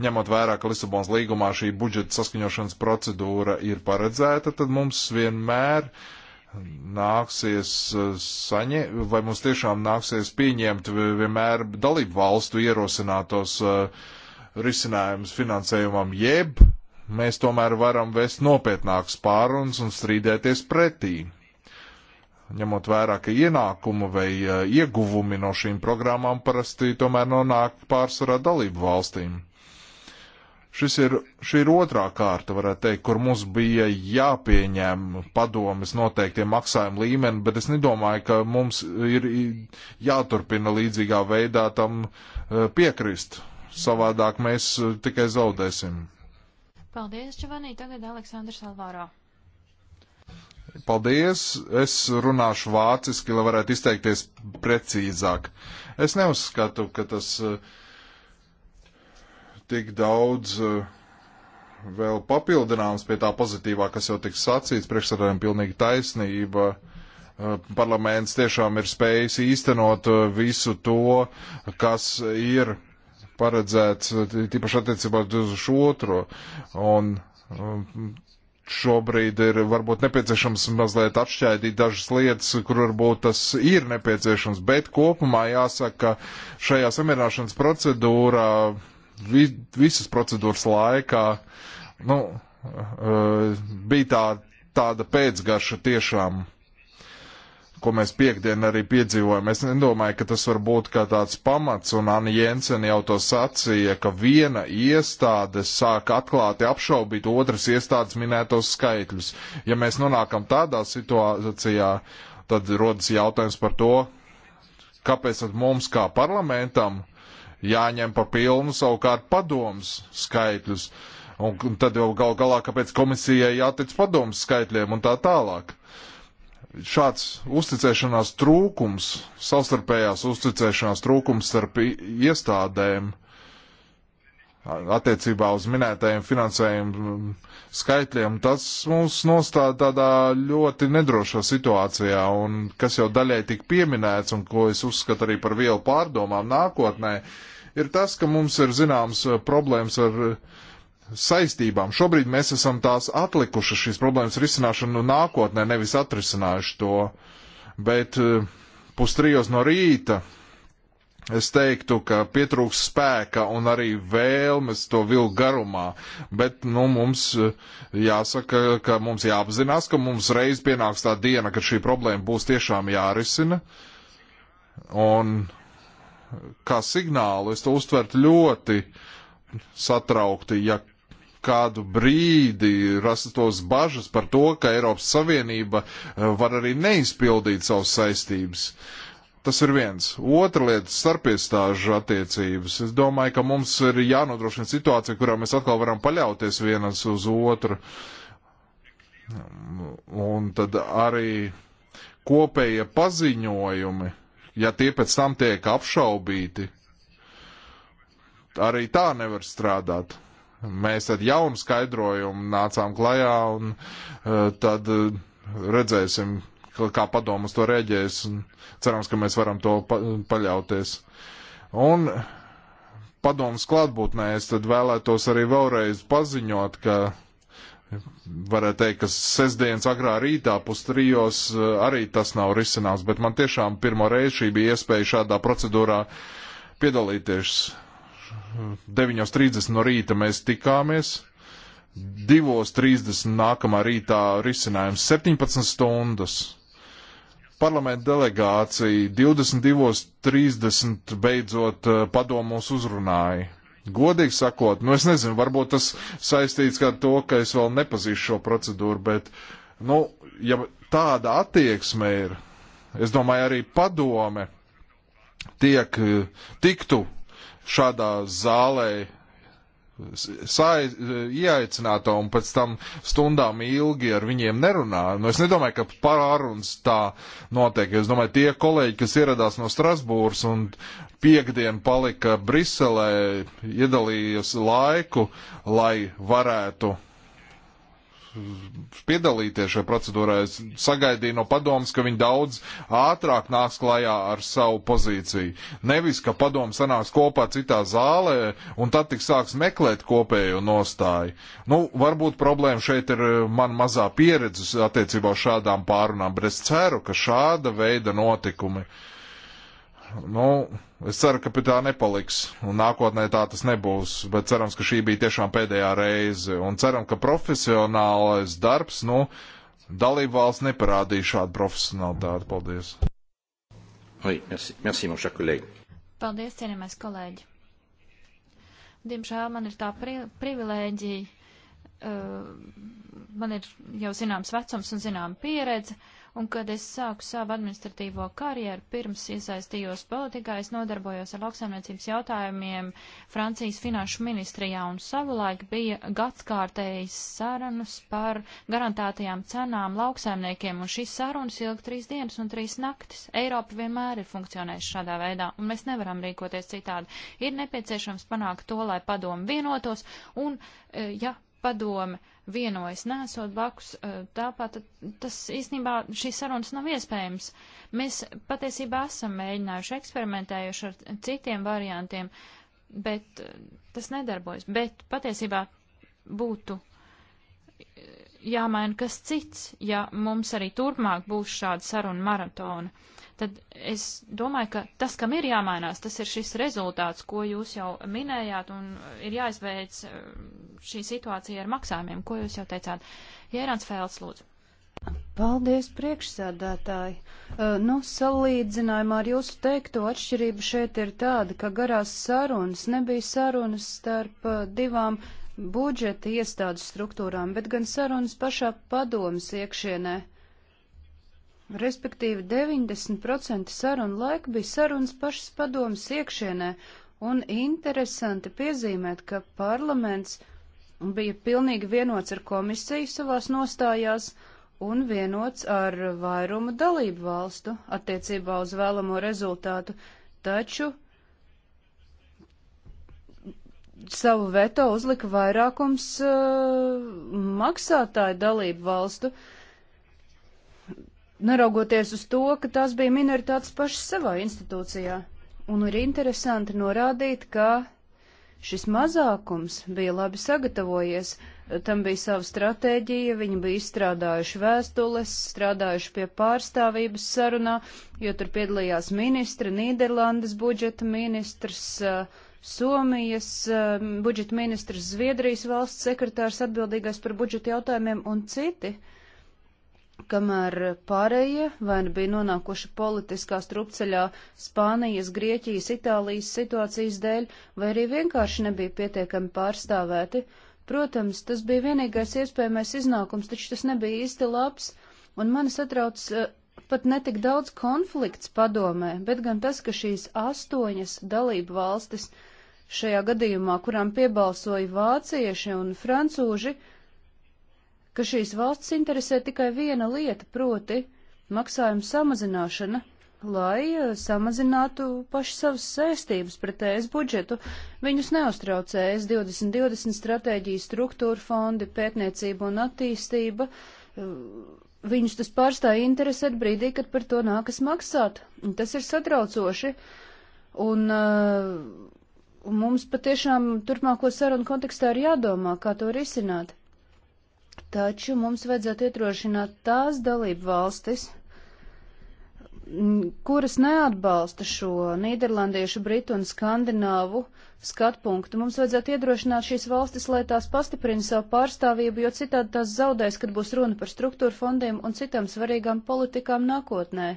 ņemot vērā, ka Lisabons līgumā šī budžeta saskaņošanas procedūra ir paredzēta, tad mums vienmēr nāksies uh, saņemt, vai mums tiešām nāksies pieņemt vienmēr dalību valstu ierosinātos uh, risinājumus finansējumam, jeb mēs tomēr varam vest nopietnākas pārunas un strīdēties pretī ņemot vērā, ka ienākumu vai e, ieguvumi no šīm programmām parasti tomēr nonāk pārsvarā dalību valstīm. Šis ir, šī ir otrā kārta, varētu teikt, kur mums bija jāpieņem padomis noteiktie maksājuma līmeni, bet es nedomāju, ka mums ir jāturpina līdzīgā veidā tam e, piekrist. Savādāk mēs e, tikai zaudēsim. Paldies, Čavanī. Tagad Aleksandrs Alvāro. Paldies! Es runāšu vāciski, lai varētu izteikties precīzāk. Es neuzskatu, ka tas eh, tik daudz eh, vēl papildināms pie tā pozitīvā, kas jau tiks sacīts, priekšsēdājiem pilnīgi taisnība. Eh, parlaments tiešām ir spējis īstenot visu to, kas ir paredzēts, tīpaši attiecībā uz otro. Un šobrīd ir varbūt nepieciešams mazliet atšķaidīt dažas lietas, kur varbūt tas ir nepieciešams, bet kopumā jāsaka, ka šajā samierināšanas procedūrā vi, visas procedūras laikā nu, eh, bija tā, tāda pēcgarša tiešām ko mēs piekdien arī piedzīvojam. Es nedomāju, ka tas var būt kā tāds pamats, un Anna Jensen jau to sacīja, ka viena iestāde sāk atklāti apšaubīt otras iestādes minētos skaitļus. Ja mēs nonākam tādā situācijā, tad rodas jautājums par to, kāpēc tad mums kā parlamentam jāņem pa pilnu savukārt padomus skaitļus. Un tad jau gal galā, kāpēc komisijai jātic padomus skaitļiem un tā tālāk. Uh, šāds uzticēšanās trūkums, savstarpējās uzticēšanās trūkums starp iestādēm attiecībā uz minētajiem finansējumu mm, skaitļiem, tas mūs nostāda tādā ļoti nedrošā situācijā, un kas jau daļai tik pieminēts, un ko es uzskatu arī par vielu pārdomām nākotnē, ir tas, ka mums ir zināms problēmas ar uh, saistībām. Šobrīd mēs esam tās atlikuši šīs problēmas risināšanu nu, nākotnē, nevis atrisinājuši to. Bet e, pustrijos no rīta es teiktu, ka pietrūks spēka un arī vēlmes to vilku garumā, bet, nu, mums e, jāsaka, ka mums jāapzinās, ka mums reiz pienāks tā diena, kad šī problēma būs tiešām jārisina. Un kā signālu es to uztvertu ļoti satraukti, ja kādu brīdi rastos bažas par to, ka Eiropas Savienība eh, var arī neizpildīt savas saistības. Tas ir viens. Otra lieta - starpiestāžu attiecības. Es domāju, ka mums ir jānodrošina situācija, kurā mēs atkal varam paļauties vienas uz otru. Un tad arī kopējie paziņojumi, ja tie pēc tam tiek apšaubīti, arī tā nevar strādāt Mēs tad jaunu skaidrojumu nācām klajā un e, tad e, redzēsim, kā padomus to rēģēs. Cerams, ka mēs varam to pa paļauties. Un padomus klātbūtnē es tad vēlētos arī vēlreiz paziņot, ka varētu teikt, ka sestdienas agrā rītā pustrijos e, arī tas nav risināms, bet man tiešām pirmo reizi šī bija iespēja šādā procedūrā piedalīties. 9.30 no rīta mēs tikāmies. 2.30 nākamā rītā risinājums 17 stundas. Parlamenta delegācija 22.30 beidzot eh, padomus uzrunāja. Godīgi sakot, nu es nezinu, varbūt tas saistīts ar to, ka es vēl nepazīšu šo procedūru, bet, nu, ja tāda attieksme ir, es domāju, arī padome tiek, eh, tiktu šādā zālē ieaicināto un pēc tam stundām ilgi ar viņiem nerunā. Nu, es nedomāju, ka pārunas tā notiek. Es domāju, tie kolēģi, kas ieradās no Strasbūras un piekdien palika Briselē, iedalījās laiku, lai varētu piedalīties šajā procedūrā. Es sagaidīju no padomas, ka viņi daudz ātrāk nāks klajā ar savu pozīciju. Nevis, ka padoma sanāks kopā citā zālē un tad tik sāks meklēt kopējo nostāju. Nu, varbūt problēma šeit ir eh, man mazā pieredzes attiecībā uz šādām pārunām, bet es ceru, ka šāda veida notikumi. Uh, Nu, es ceru, ka pie tā nepaliks, un nākotnē tā tas nebūs, bet cerams, ka šī bija tiešām pēdējā reize, un ceram, ka profesionālais darbs, nu, dalību valsts neparādīja šādu profesionālitāti. Paldies! Oui, merci, merci, mon cher collègue. Paldies, cienījamais kolēģi. Diemžēl man ir tā pri privilēģija, uh, man ir jau zināms vecums un zināma pieredze. Uh, un kad es sāku savu administratīvo karjeru, pirms iesaistījos politikā, es nodarbojos ar lauksaimniecības jautājumiem Francijas finanšu ministrijā, un savulaik bija gadskārtējas sarunas par garantētajām cenām lauksaimniekiem, un šīs sarunas ilga trīs dienas un trīs naktis. Eiropa vienmēr ir funkcionējusi šādā veidā, un mēs nevaram rīkoties citādi. Ir nepieciešams panākt to, lai padomu vienotos, un, e, ja padome vienojas, nesot blakus, eh, tāpat tas īstenībā šīs sarunas nav iespējams. Mēs patiesībā esam mēģinājuši eksperimentējuši ar citiem variantiem, bet eh, tas nedarbojas. Bet patiesībā būtu eh, jāmaina kas cits, ja mums arī turpmāk būs šāda saruna maratona tad es domāju, ka tas, kam ir jāmainās, tas ir šis rezultāts, ko jūs jau minējāt, un ir jāizveic eh, šī situācija ar maksājumiem, ko jūs jau teicāt. Jērāns Fēls, lūdzu. Paldies, priekšsēdētāji. Uh, nu, salīdzinājumā ar jūsu teikto atšķirība šeit ir tāda, ka garās sarunas nebija sarunas starp uh, divām budžeta iestādes struktūrām, bet gan sarunas pašā padomas iekšienē. Respektīvi 90% sarunu laika bija sarunas pašas padomas iekšienē, un interesanti piezīmēt, ka parlaments bija pilnīgi vienots ar komisiju savās nostājās un vienots ar vairumu dalību valstu attiecībā uz vēlamo rezultātu, taču savu veto uzlika vairākums uh, maksātāju dalību valstu. Uh, neraugoties uz to, ka tās bija minoritātes pašas savā institūcijā. Un ir interesanti norādīt, ka šis mazākums bija labi sagatavojies, tam bija sava stratēģija, viņi bija izstrādājuši vēstules, strādājuši pie pārstāvības sarunā, jo tur piedalījās ministri, Nīderlandes budžeta ministrs, Somijas eh, budžeta ministrs, Zviedrijas valsts sekretārs atbildīgais par budžeta jautājumiem un citi. Uh, kamēr pārējie vai nu bija nonākuši politiskā strupceļā Spānijas, Grieķijas, Itālijas situācijas dēļ, vai arī vienkārši nebija pietiekami pārstāvēti. Protams, tas bija vienīgais iespējamais iznākums, taču tas nebija īsti labs, un mani satrauc uh, pat netik daudz konflikts padomē, bet gan tas, ka šīs astoņas dalību valstis, šajā gadījumā, kurām piebalsoja vācieši un francūži, uh, ka šīs valsts interesē tikai viena lieta, proti maksājuma samazināšana, lai eh, samazinātu paši savas saistības pret ES budžetu. Viņus neuztrauc ES 2020 stratēģija, struktūra fondi, pētniecība un attīstība. Eh, viņus tas pārstāja interesēt brīdī, kad par to nākas maksāt. Tas ir satraucoši. Un, uh, un mums patiešām turpmāko sarunu kontekstā ir jādomā, kā to risināt. Taču mums vajadzētu ietrošināt tās dalību valstis, kuras neatbalsta šo nīderlandiešu, britu un skandināvu skatu punktu. Mums vajadzētu iedrošināt šīs valstis, lai tās pastiprina savu pārstāvību, jo citādi tās zaudēs, kad būs runa par struktūra fondiem un citām svarīgām politikām nākotnē.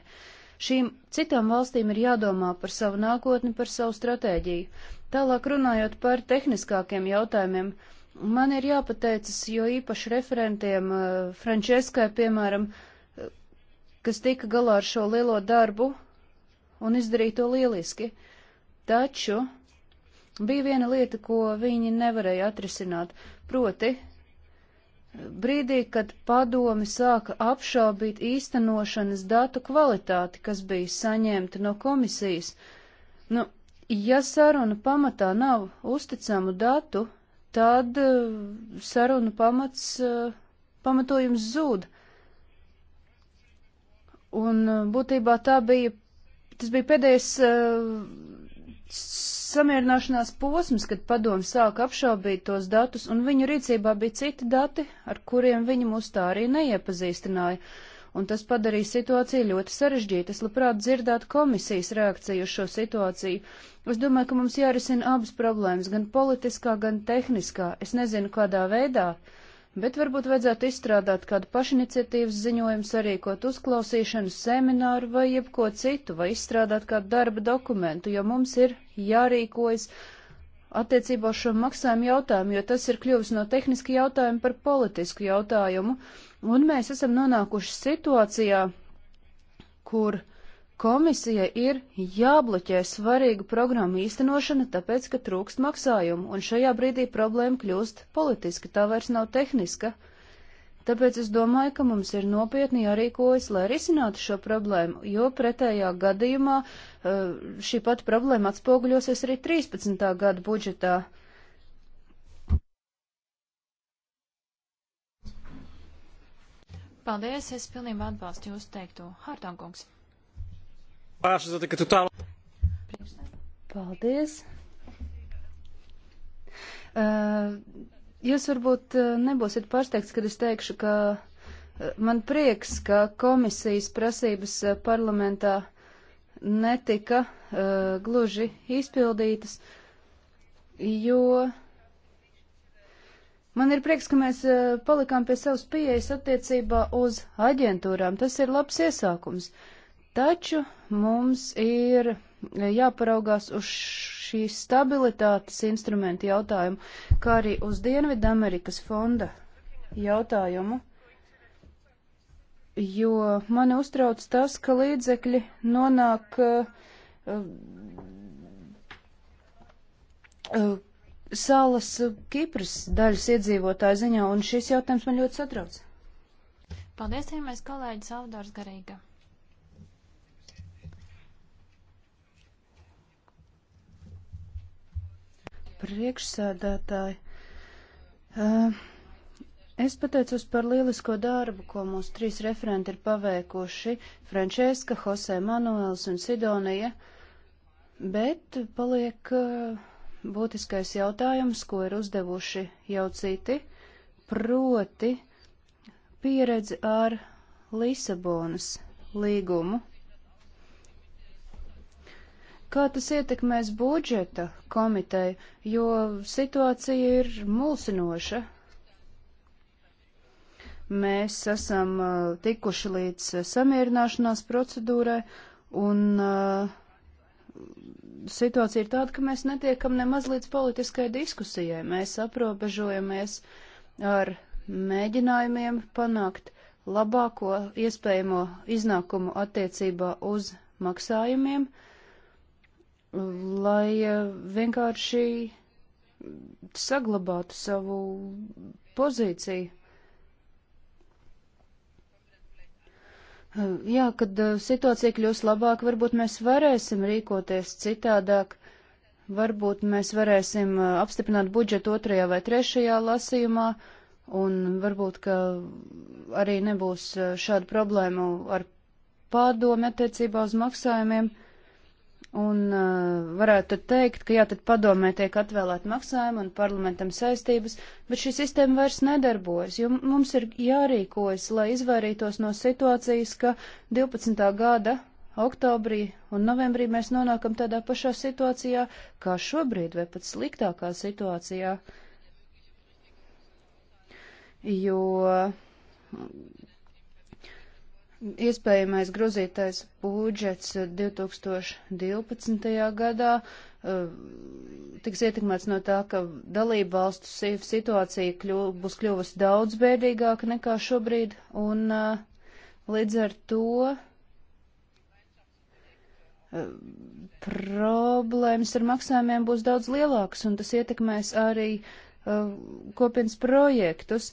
Šīm citām valstīm ir jādomā par savu nākotni, par savu stratēģiju. Tālāk runājot par tehniskākiem jautājumiem, Man ir jāpateicas, jo īpaši referentiem, eh, Frančiskai, piemēram, eh, kas tika galā ar šo lielo darbu un izdarīja to lieliski. Taču bija viena lieta, ko viņi nevarēja atrisināt, proti brīdī, kad padomi sāka apšaubīt īstenošanas datu kvalitāti, kas bija saņemta no komisijas. Nu, ja saruna pamatā nav uzticamu datu, tad eh, sarunu pamats, eh, pamatojums zūd. Un eh, būtībā tā bija, tas bija pēdējais samierināšanās posms, kad padomu sāka apšaubīt tos datus, un viņu rīcībā bija citi dati, ar kuriem viņi mūs tā arī neiepazīstināja. Uh, un tas padarīs situāciju ļoti sarežģītu. Es labprāt dzirdētu komisijas reakciju uz šo situāciju. Es domāju, ka mums jārisina abas problēmas, gan politiskā, gan tehniskā. Es nezinu, kādā veidā, bet varbūt vajadzētu izstrādāt kādu pašiniciatīvas ziņojumu, sarīkot uzklausīšanu, semināru vai jebko citu, vai izstrādāt kādu darba dokumentu, jo mums ir jārīkojas. Ja attiecībā uz šo maksājumu jautājumu, jo tas ir kļuvis no tehniska jautājuma par politisku jautājumu. Un mēs esam nonākuši situācijā, kur komisija ir jābloķē svarīgu programmu īstenošana, tāpēc, ka trūkst maksājumu, un šajā brīdī problēma kļūst politiska, tā vairs nav tehniska. Uh, Tāpēc es domāju, ka mums ir nopietni jārīkojas, lai risinātu šo problēmu, jo pretējā gadījumā eh, šī pati problēma atspoguļosies arī 13. gada budžetā. Paldies, es pilnībā atbalstu jūsu teikto. Hārtankungs. Paldies. Uh, Jūs varbūt eh, nebūsiet pārsteigts, kad es teikšu, ka eh, man prieks, ka komisijas prasības eh, parlamentā netika uh, gluži izpildītas, jo man ir prieks, ka mēs uh, palikām pie savas pieejas attiecībā uz aģentūrām. Tas ir labs iesākums. Taču mums ir jāparaugās uz šīs stabilitātes instrumentu jautājumu, kā arī uz Dienvidu Amerikas fonda jautājumu, jo mani uztrauc tas, ka līdzekļi nonāk uh, uh, salas Kipras daļas iedzīvotāju ziņā, un šis jautājums man ļoti satrauc. Paldies, cienījamais kolēģis Aldors Garīga. priekšsēdētāji. Uh, es pateicos par lielisko darbu, ko mūsu trīs referenti ir paveikuši - Frančeska, Jose Manuels un Sidonija, bet paliek uh, būtiskais jautājums, ko ir uzdevuši jau citi, proti pieredze ar Lisabonas līgumu kā tas ietekmēs budžeta komiteju, jo situācija ir mulsinoša. Mēs esam uh, tikuši līdz samierināšanās procedūrai, un uh, situācija ir tāda, ka mēs netiekam nemaz līdz politiskai diskusijai. Mēs aprobežojamies ar mēģinājumiem panākt labāko iespējamo iznākumu attiecībā uz maksājumiem. Uh, lai e, vienkārši saglabātu savu pozīciju. E, jā, kad e, situācija kļūs labāk, varbūt mēs varēsim rīkoties citādāk, varbūt mēs varēsim apstiprināt budžetu otrajā vai trešajā lasījumā, un varbūt, ka arī nebūs šādu problēmu ar pārdomu attiecībā uz maksājumiem. Uh, Un uh, varētu teikt, ka jā, tad padomē tiek atvēlēt maksājumi un parlamentam saistības, bet šī sistēma vairs nedarbojas, jo mums ir jārīkojas, lai izvairītos no situācijas, ka 12. gada oktobrī un novembrī mēs nonākam tādā pašā situācijā, kā šobrīd, vai pat sliktākā situācijā. Jo iespējamais grozītais budžets 2012. Eh, gadā eh, tiks ietekmēts no tā, ka dalību valstu situācija kļu, būs kļuvusi daudz bēdīgāka nekā šobrīd, un eh, līdz ar to problēmas ar maksājumiem būs daudz lielākas, un tas ietekmēs arī kopienas projektus.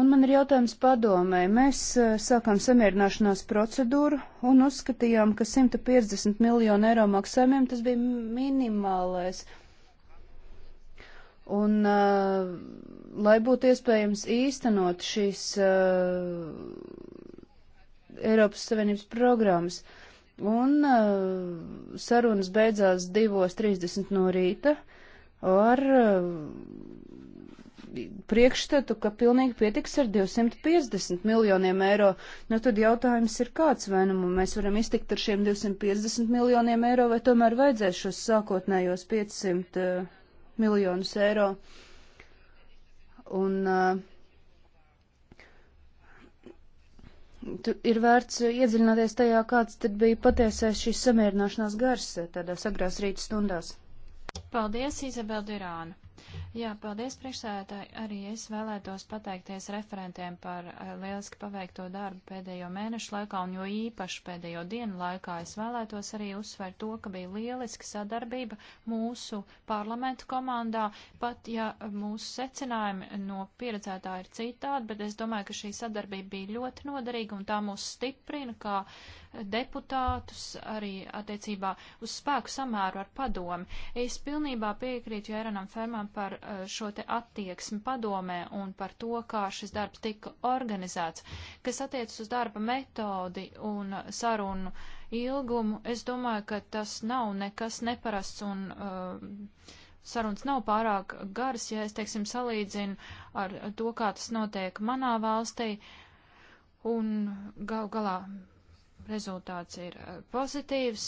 Un man ir jautājums padomē. Mēs eh, sākām samierināšanās procedūru un uzskatījām, ka 150 miljonu eiro maksājumiem tas bija minimālais. Un, uh, lai būtu iespējams īstenot šīs uh, Eiropas Savienības programmas, un uh, sarunas beidzās 2.30 no rīta ar. Uh, priekšstatu, ka pilnīgi pietiks ar 250 miljoniem eiro. Nu, tad jautājums ir kāds, vai nu mēs varam iztikt ar šiem 250 miljoniem eiro, vai tomēr vajadzēs šos sākotnējos 500 uh, eh, miljonus eiro. Un, uh, ir vērts iedziļināties tajā, kāds tad bija patiesais šīs samierināšanās gars eh, tādās agrās rīta stundās. Paldies, Izabela Durāna. Jā, paldies priekšsēdētāji. Arī es vēlētos pateikties referentiem par eh, lieliski paveikto darbu pēdējo mēnešu laikā un jo īpaši pēdējo dienu laikā. Es vēlētos arī uzsvērt to, ka bija lieliski sadarbība mūsu parlamentu komandā, pat ja eh, mūsu secinājumi no pieredzētā ir citādi, bet es domāju, ka šī sadarbība bija ļoti noderīga un tā mūs stiprina kā deputātus arī attiecībā uz spēku samēru ar padomi. Es pilnībā piekrītu Jēranam Fermam par eh, šo te attieksmi padomē un par to, kā šis darbs tika organizēts, kas attiecas uz darba metodi un sarunu ilgumu, es domāju, ka tas nav nekas neparasts un uh, sarunas nav pārāk garas, ja es, teiksim, salīdzinu ar to, kā tas notiek manā valstī. Un gal galā rezultāts ir eh, pozitīvs.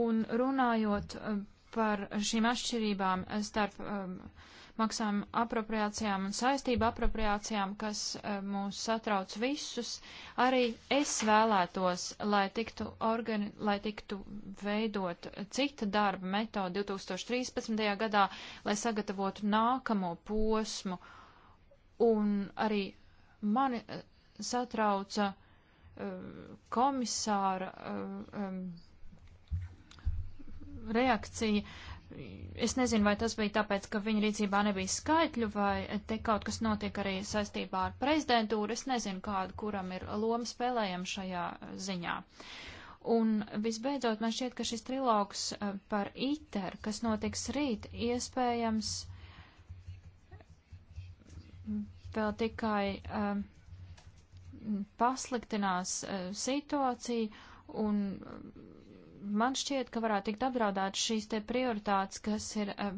Un runājot eh, par šīm atšķirībām eh, starp um, maksājuma apropriācijām un saistību apropriācijām, kas um, mūs satrauc visus, arī es vēlētos, lai tiktu, organi, lai tiktu veidot cita darba metoda 2013. gadā, lai sagatavotu nākamo posmu uh, Un arī mani eh, satrauca um, komisāra um, reakcija. Es nezinu, vai tas bija tāpēc, ka viņa rīcībā nebija skaitļu, vai te kaut kas notiek arī saistībā ar prezidentūru. Es nezinu, kādu kuram ir loma spēlējama šajā ziņā. Un visbeidzot, man šķiet, ka šis trilogs par ITER, kas notiks rīt, iespējams vēl tikai um, pasliktinās uh, situāciju, un um, man šķiet, ka varētu tikt apdraudēt šīs te prioritātes, kas ir uh,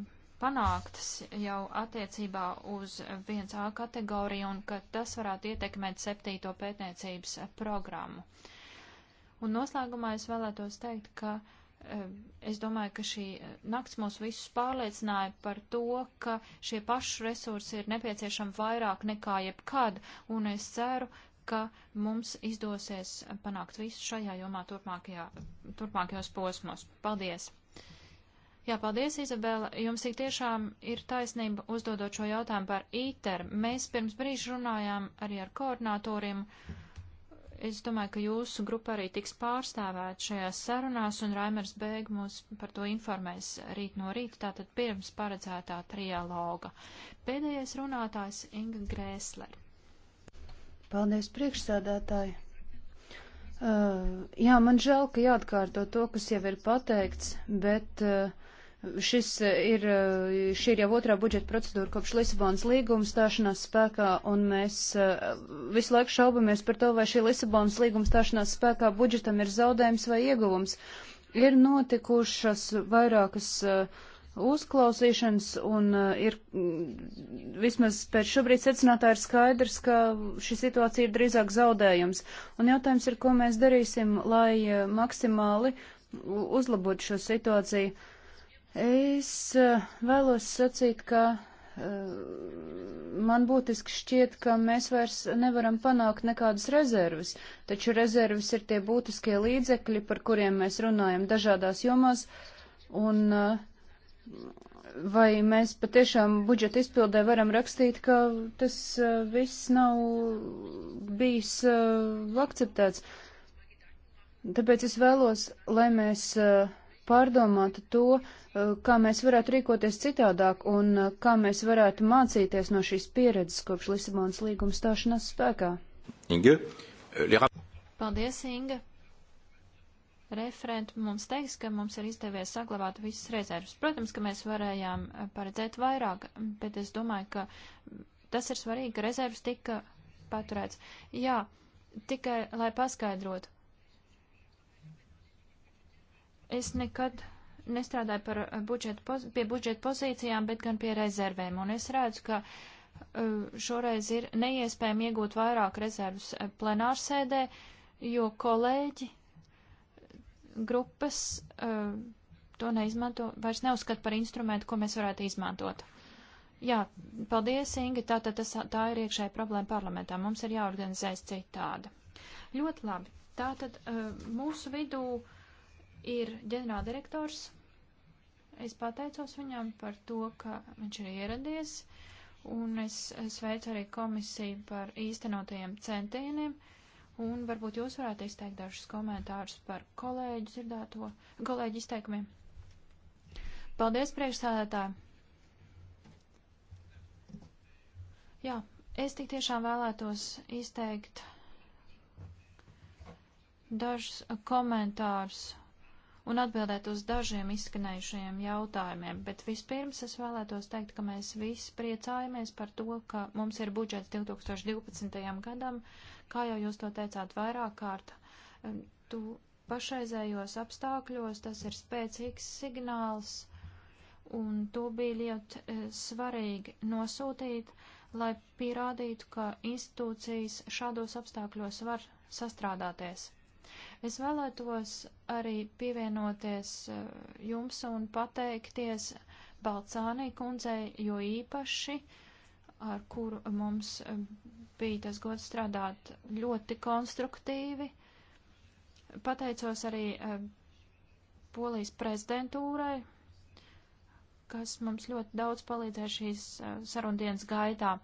panāktas jau attiecībā uz 1A kategoriju, un ka tas varētu ietekmēt septīto pētniecības programmu. Un noslēgumā es vēlētos teikt, ka uh, Es domāju, ka šī nakts mūs visus pārliecināja par to, ka šie paši resursi ir nepieciešami vairāk nekā jebkad, un es ceru, ka mums izdosies panākt visu šajā jomā turpmākajā, turpmākajos posmos. Paldies! Jā, paldies, Izabela. Jums tik tiešām ir taisnība uzdodot šo jautājumu par ITER. Mēs pirms brīža runājām arī ar koordinatoriem. Uh, Es domāju, ka jūsu grupa arī tiks pārstāvēta šajās sarunās, un Raimers Bēg mūs par to informēs rīt no rīta, tātad pirms paredzētā trialoga. Pēdējais runātājs Inga Grēsler. Paldies, priekšsēdētāji! Uh, jā, man žēl, ka jāatkārto to, kas jau ir pateikts, bet uh, Šis eh, ir, eh, šī ir jau otrā budžeta procedūra kopš Lisabonas līguma stāšanās spēkā, un mēs eh, visu laiku šaubamies par to, vai šī Lisabonas līguma stāšanās spēkā budžetam ir zaudējums vai ieguvums. Ir notikušas vairākas uzklausīšanas, un ir mm, vismaz pēc šobrīd secinātā ir skaidrs, ka šī situācija ir drīzāk zaudējums. Un jautājums ir, ko mēs darīsim, lai maksimāli uzlabotu šo situāciju. Es eh, vēlos sacīt, ka eh, man būtiski šķiet, ka mēs vairs nevaram panākt nekādas rezervas, taču rezervas ir tie būtiskie līdzekļi, par kuriem mēs runājam dažādās jomās, un eh, vai mēs patiešām budžeta izpildē varam rakstīt, ka tas viss nav bijis akceptēts. Tāpēc es vēlos, lai mēs uh, pārdomāt to, eh, kā mēs varētu rīkoties citādāk un eh, kā mēs varētu mācīties no šīs pieredzes kopš Lisabonas līguma stāšanās spēkā. Inga. Eh, Paldies, Inga. Referenti mums teiks, ka mums ir izdevies saglabāt visas rezervas. Protams, ka mēs varējām paredzēt vairāk, bet es domāju, ka tas ir svarīgi, ka rezervas tika paturēts. Jā, tikai lai paskaidrotu, Es nekad nestrādāju par eh, budžetu, pie budžeta pozīcijām, bet gan pie rezervēm. Un es redzu, ka eh, šoreiz ir neiespējami iegūt vairāk rezervus eh, plenārsēdē, jo kolēģi grupas to neizmanto, vairs neuzskata par instrumentu, ko mēs varētu izmantot. Jā, paldies, Inga, tā, tā, tas, tā ir iekšēja problēma parlamentā, mums ir jāorganizēs citādi. Ļoti labi. Tātad mūsu vidū uh, ir ģenerāldirektors. Es pateicos viņam par to, ka viņš ir ieradies, un es sveicu arī komisiju par īstenotajiem centieniem, un varbūt jūs varētu izteikt dažus komentārus par kolēģu dzirdēto, kolēģu izteikumiem. Paldies, priekšsādātāji! Jā, es tik tiešām vēlētos izteikt dažus komentārus un atbildēt uz dažiem izskanējušajiem jautājumiem, bet vispirms es vēlētos teikt, ka mēs visi priecājamies par to, ka mums ir budžets 2012. gadam, kā jau jūs to teicāt vairāk kārt. Tu pašreizējos apstākļos tas ir spēcīgs signāls, un to bija ļoti eh, svarīgi nosūtīt, lai pierādītu, ka institūcijas šādos apstākļos var sastrādāties. Es vēlētos arī pievienoties eh, jums un pateikties Balcānī kundzei, jo īpaši, ar kuru mums eh, bija tas gods strādāt ļoti konstruktīvi. Pateicos arī eh, Polijas prezidentūrai, kas mums ļoti daudz palīdzēja šīs sarundienas gaitā.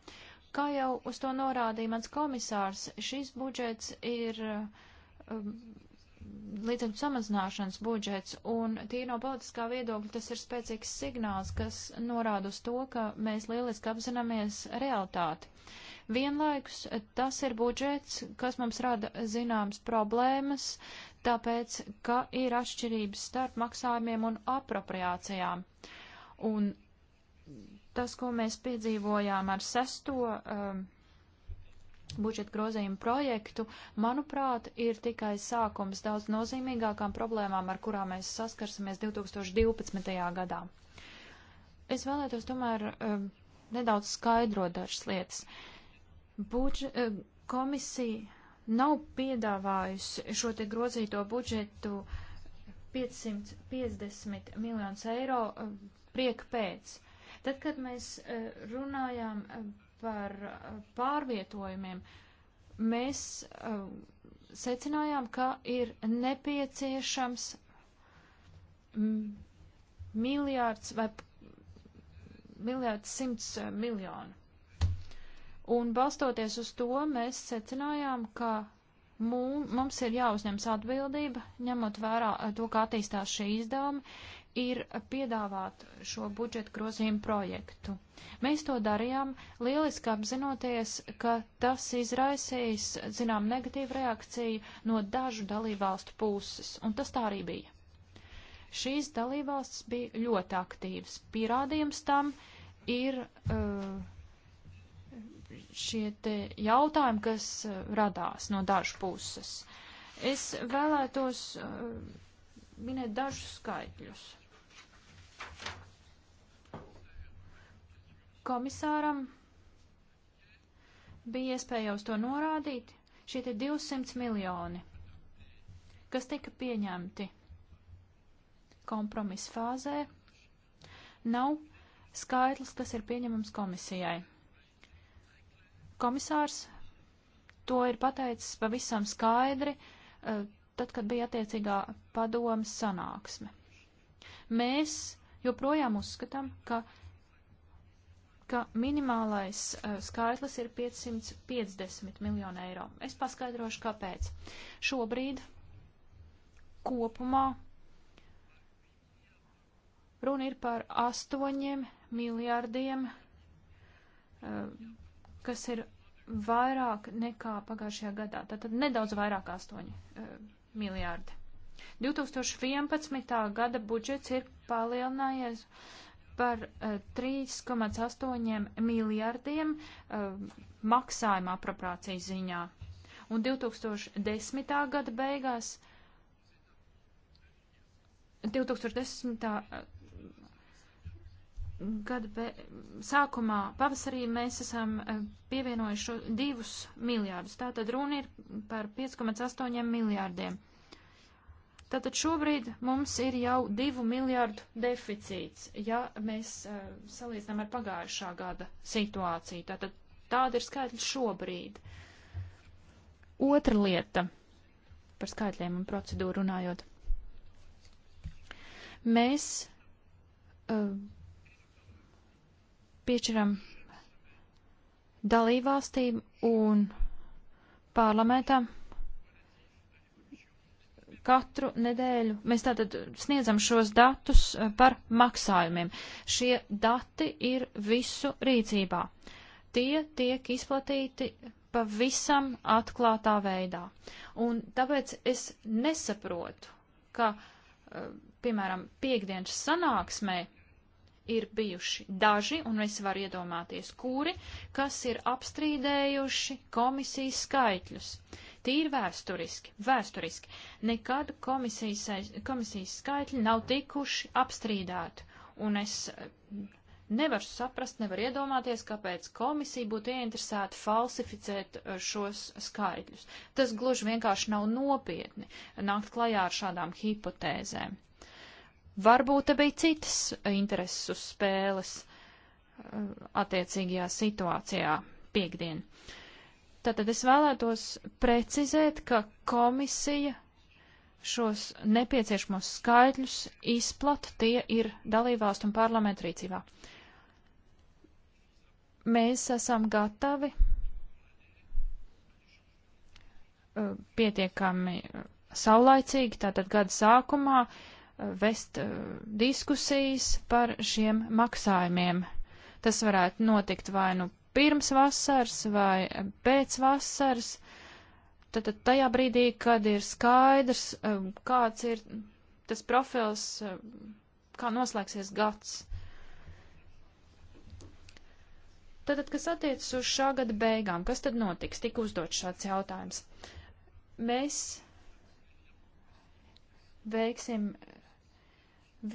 Kā jau uz to norādīja mans komisārs, šis budžets ir um, līdzekļu samazināšanas budžets, un tīri no politiskā viedokļa tas ir spēcīgs signāls, kas norāda uz to, ka mēs lieliski apzināmies realitāti. Vienlaikus tas ir budžets, kas mums rada zināmas problēmas, tāpēc, ka ir atšķirības starp maksājumiem un apropriācijām. Un tas, ko mēs piedzīvojām ar sesto um, budžeta grozījumu projektu, manuprāt, ir tikai sākums daudz nozīmīgākām problēmām, ar kurām mēs saskarsimies 2012. gadā. Es vēlētos tomēr eh, nedaudz skaidrot dažas lietas. Budž eh, komisija nav piedāvājusi šo te grozīto budžetu 550 miljonus eiro eh, priek pēc. Tad, kad mēs runājām par eh, pārvietojumiem, mēs uh, secinājām, ka ir nepieciešams miljārds vai miljārds simts eh, miljonu. Un balstoties uz to, mēs secinājām, ka mums ir jāuzņems atbildība, ņemot vērā to, kā attīstās šie izdevumi, ir piedāvāt šo budžeta grozījumu projektu. Mēs to darījām lieliski apzinoties, ka tas izraisīs, zinām, negatīvu reakciju no dažu dalībvalstu puses, un tas tā arī bija. Šīs dalībvalstis bija ļoti aktīvas. Pierādījums tam ir uh, šie te jautājumi, kas uh, radās no dažu puses. Es vēlētos uh, minēt dažus skaitļus. Komisāram bija iespēja uz to norādīt. Šie ir 200 miljoni, kas tika pieņemti kompromisa fāzē, nav skaitlis, kas ir pieņemams komisijai. Komisārs to ir pateicis pavisam skaidri, eh, tad, kad bija attiecīgā padomas sanāksme. Mēs joprojām uzskatām, ka, ka minimālais uh, skaitlis ir 550 miljonu eiro. Es paskaidrošu, kāpēc. Šobrīd kopumā runa ir par 8 miljārdiem, uh, eh, kas ir vairāk nekā pagājušajā gadā. Tātad nedaudz vairāk 8 uh, eh, miljārdi. 2011. gada budžets ir palielinājies par 3,8 e, miljardiem e, maksājuma apropriācijas ziņā. Un 2010. gada beigās 2010 e, gada be, sākumā pavasarī mēs esam pievienojuši divus miljārdus. Tātad runa ir par 5,8 miljārdiem. Tātad šobrīd mums ir jau divu miljārdu deficīts, ja mēs uh, salīdzinām ar pagājušā gada situāciju. Tātad tāda ir skaitļa šobrīd. Otra lieta par skaitļiem un procedūru runājot. Mēs uh, piešķiram dalībvalstīm un parlamentam Katru nedēļu mēs tātad sniedzam šos datus eh, par maksājumiem. Šie dati ir visu rīcībā. Tie tiek izplatīti pavisam atklātā veidā. Un tāpēc es nesaprotu, ka, eh, piemēram, piekdienas sanāksmē ir bijuši daži, un es varu iedomāties, kuri, kas ir apstrīdējuši komisijas skaitļus tīri vēsturiski, vēsturiski, nekad komisijas, komisijas skaitļi nav tikuši apstrīdēti. Un es eh, nevaru saprast, nevaru iedomāties, kāpēc komisija būtu ieinteresēta falsificēt eh, šos skaitļus. Tas gluži vienkārši nav nopietni eh, nākt klajā ar šādām hipotēzēm. Varbūt te bija citas intereses uz spēles attiecīgajā situācijā piekdien. Uh, Tātad es vēlētos precizēt, ka komisija šos nepieciešamos skaitļus izplata, tie ir dalībvalstu un parlamentu rīcībā. Mēs esam gatavi uh, pietiekami uh, saulaicīgi, tātad gada sākumā, uh, vest diskusijas par šiem maksājumiem. Tas varētu notikt vai nu pirms vasaras vai pēc vasaras, tad, tad tajā brīdī, kad ir skaidrs, e, kāds ir tas profils, e, kā noslēgsies gads. Tātad, kas attiecas uz šā gada beigām, kas tad notiks? Tik uzdot šāds jautājums. Mēs veiksim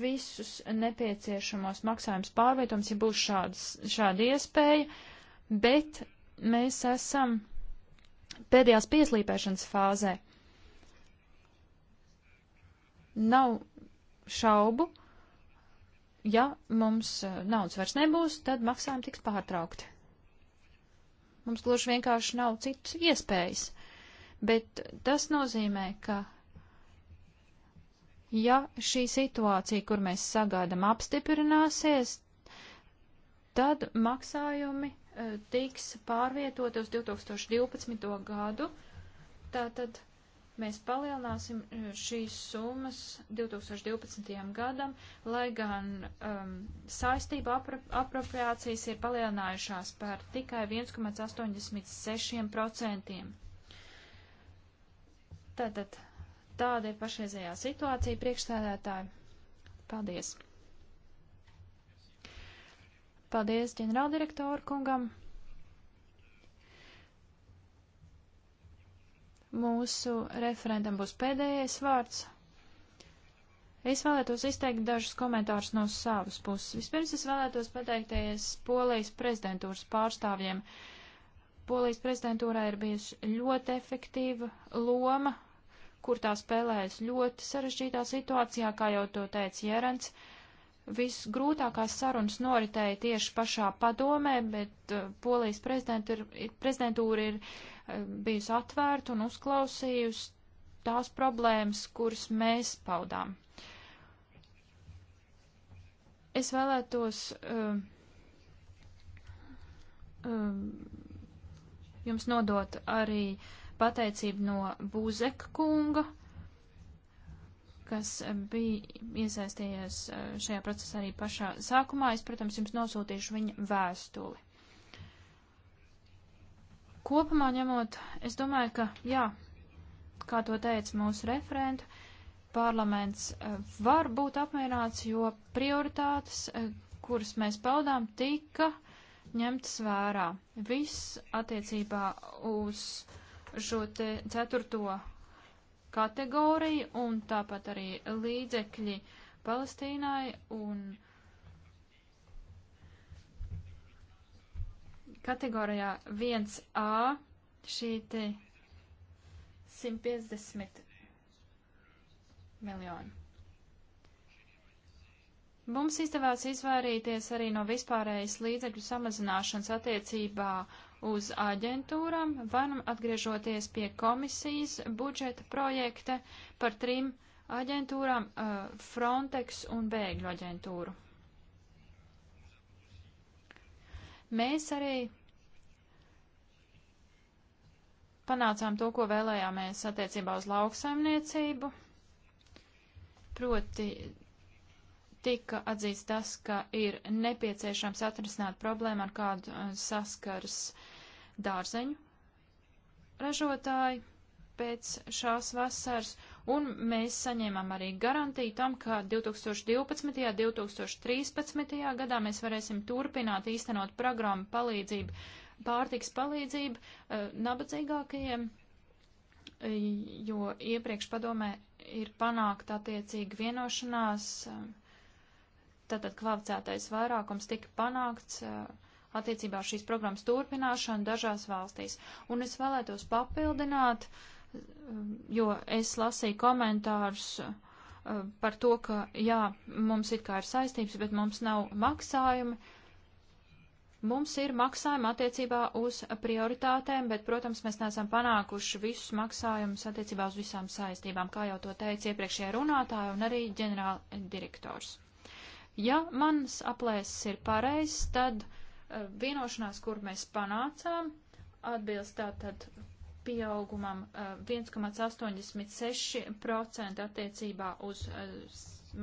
visus nepieciešamos maksājumus pārvietojums, ja būs šādas, šāda iespēja, bet mēs esam pēdējās pieslīpēšanas fāzē. Nav šaubu, ja mums eh, naudas vairs nebūs, tad maksājumi tiks pārtraukti. Mums gluži vienkārši nav citas iespējas, bet tas nozīmē, ka ja šī situācija, kur mēs sagādam, apstiprināsies, tad maksājumi E, tiks pārvietota uz 2012. gadu. Tātad mēs palielināsim e, šīs summas 2012. gadam, lai gan um, saistība apro apropriācijas ir palielinājušās par tikai 1,86%. Tātad tāda ir pašreizējā situācija priekšstādētāji. Paldies! Paldies ģenerāldirektoru kungam. Mūsu referentam būs pēdējais vārds. Es vēlētos izteikt dažus komentārus no savas puses. Vispirms es vēlētos pateikties Polijas prezidentūras pārstāvjiem. Polijas prezidentūrā ir bijusi ļoti efektīva loma, kur tā spēlējas ļoti sarežģītā situācijā, kā jau to teica Jērants. Uh, Visgrūtākās sarunas noritēja tieši pašā padomē, bet uh, polijas ir, prezidentūra ir uh, bijusi atvērta un uzklausījusi tās problēmas, kuras mēs paudām. Es vēlētos uh, jums nodot arī pateicību no Buzeka kunga kas bija iesaistījies eh, šajā procesā arī pašā sākumā. Es, protams, jums nosūtīšu viņa vēstuli. Kopumā ņemot, es domāju, ka, jā, kā to teica mūsu referenta, parlaments eh, var būt apmierināts, jo prioritātes, eh, kuras mēs paudām, tika ņemtas vērā. Viss attiecībā uz šo te ceturto kategorija un tāpat arī līdzekļi Palestīnai un kategorijā 1A šī te 150 miljoni. Mums izdevās izvairīties arī no vispārējas līdzekļu samazināšanas attiecībā uz aģentūram, varam atgriežoties pie komisijas budžeta projekta par trim aģentūrām uh, - Frontex un Bēgļu aģentūru. Mēs arī panācām to, ko vēlējāmies attiecībā uz lauksaimniecību, proti tika atzīts tas, ka ir nepieciešams atrisināt problēmu, ar kādu eh, saskars dārzeņu ražotāji pēc šās vasaras, un mēs saņēmām arī garantiju tam, ka 2012. un 2013. gadā mēs varēsim turpināt īstenot programmu palīdzību, pārtiks palīdzību eh, nabadzīgākajiem, eh, jo iepriekš padomē ir panākt attiecīgi vienošanās Tātad kvalificētais vairākums tika panākts attiecībā šīs programmas turpināšanu dažās valstīs. Un es vēlētos papildināt, jo es lasīju komentārus par to, ka jā, mums it kā ir saistības, bet mums nav maksājumi. Mums ir maksājumi attiecībā uz prioritātēm, bet, protams, mēs neesam panākuši visus maksājumus attiecībā uz visām saistībām, kā jau to teica iepriekšējā runātāja un arī ģenerāla direktors. Ja manas aplēses ir pareizs, tad eh, vienošanās, kur mēs panācām, atbilst tātad pieaugumam 1,86% eh, attiecībā uz eh,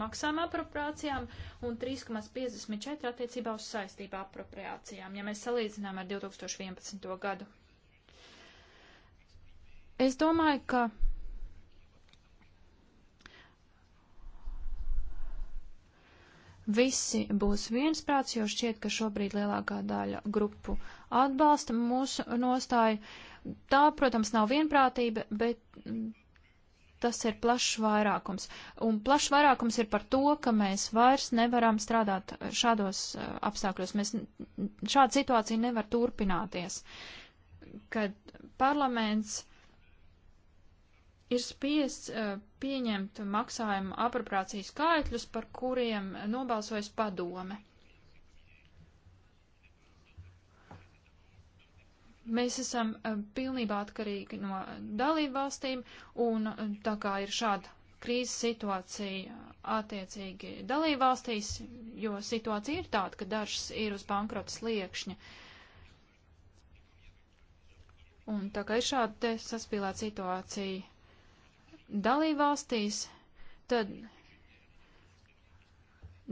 maksām apropriācijām un 3,54 attiecībā uz saistību apropriācijām, ja mēs salīdzinām ar 2011. gadu. Es domāju, ka visi būs viensprāts, jo šķiet, ka šobrīd lielākā daļa grupu atbalsta mūsu nostāju. Tā, protams, nav vienprātība, bet mm, tas ir plašs vairākums. Un plašs vairākums ir par to, ka mēs vairs nevaram strādāt šādos eh, apstākļos. Mēs, šāda situācija nevar turpināties, kad parlaments ir spiests pieņemt maksājumu apropriācijas skaitļus, par kuriem nobalsojas padome. Mēs esam pilnībā atkarīgi no dalībvalstīm, un tā kā ir šāda krīzes situācija attiecīgi dalībvalstīs, jo situācija ir tāda, ka dažas ir uz bankrota sliekšņa. Un tā kā ir šāda saspīlēta situācija dalībvalstīs, tad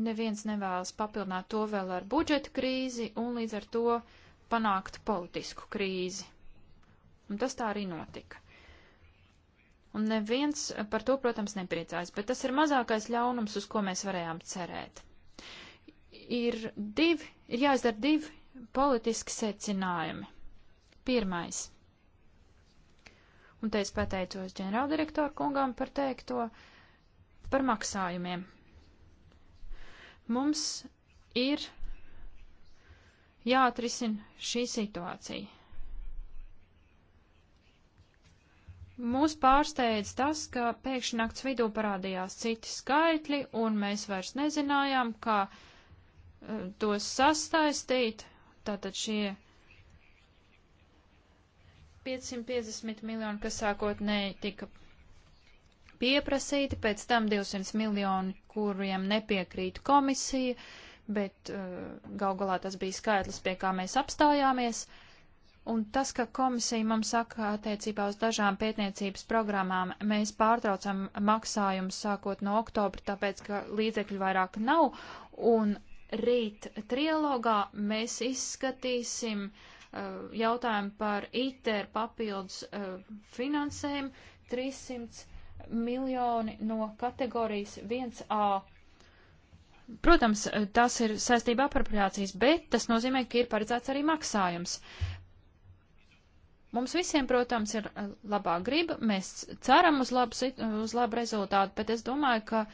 neviens nevēlas papilnāt to vēl ar budžeta krīzi un līdz ar to panākt politisku krīzi. Un tas tā arī notika. Un neviens par to, protams, nepriecājas, bet tas ir mazākais ļaunums, uz ko mēs varējām cerēt. Ir divi, ir jāizdara divi politiski secinājumi. Pirmais. Un te es pateicos ģenerāldirektoru kungam par teikto par maksājumiem. Mums ir jāatrisina šī situācija. Mūs pārsteidz tas, ka pēkšņi nakts vidū parādījās citi skaitļi, un mēs vairs nezinājām, kā uh, tos sastaistīt. Tātad šie 550 miljoni, kas sākotnēji tika pieprasīti, pēc tam 200 miljoni, kuriem nepiekrīt komisija, bet uh, gal galā tas bija skaitlis, pie kā mēs apstājāmies. Un tas, ka komisija mums saka attiecībā uz dažām pētniecības programmām, mēs pārtraucam maksājumus sākot no oktobra, tāpēc, ka līdzekļu vairāk nav, un rīt trilogā mēs izskatīsim uh, Eh, jautājumu par ITER papildus eh, finansējumu 300 miljoni no kategorijas 1A. Protams, eh, tas ir saistība apropriācijas, bet tas nozīmē, ka ir paredzēts arī maksājums. Mums visiem, protams, ir labā griba, mēs ceram uz labu, uz labu rezultātu, bet es domāju, ka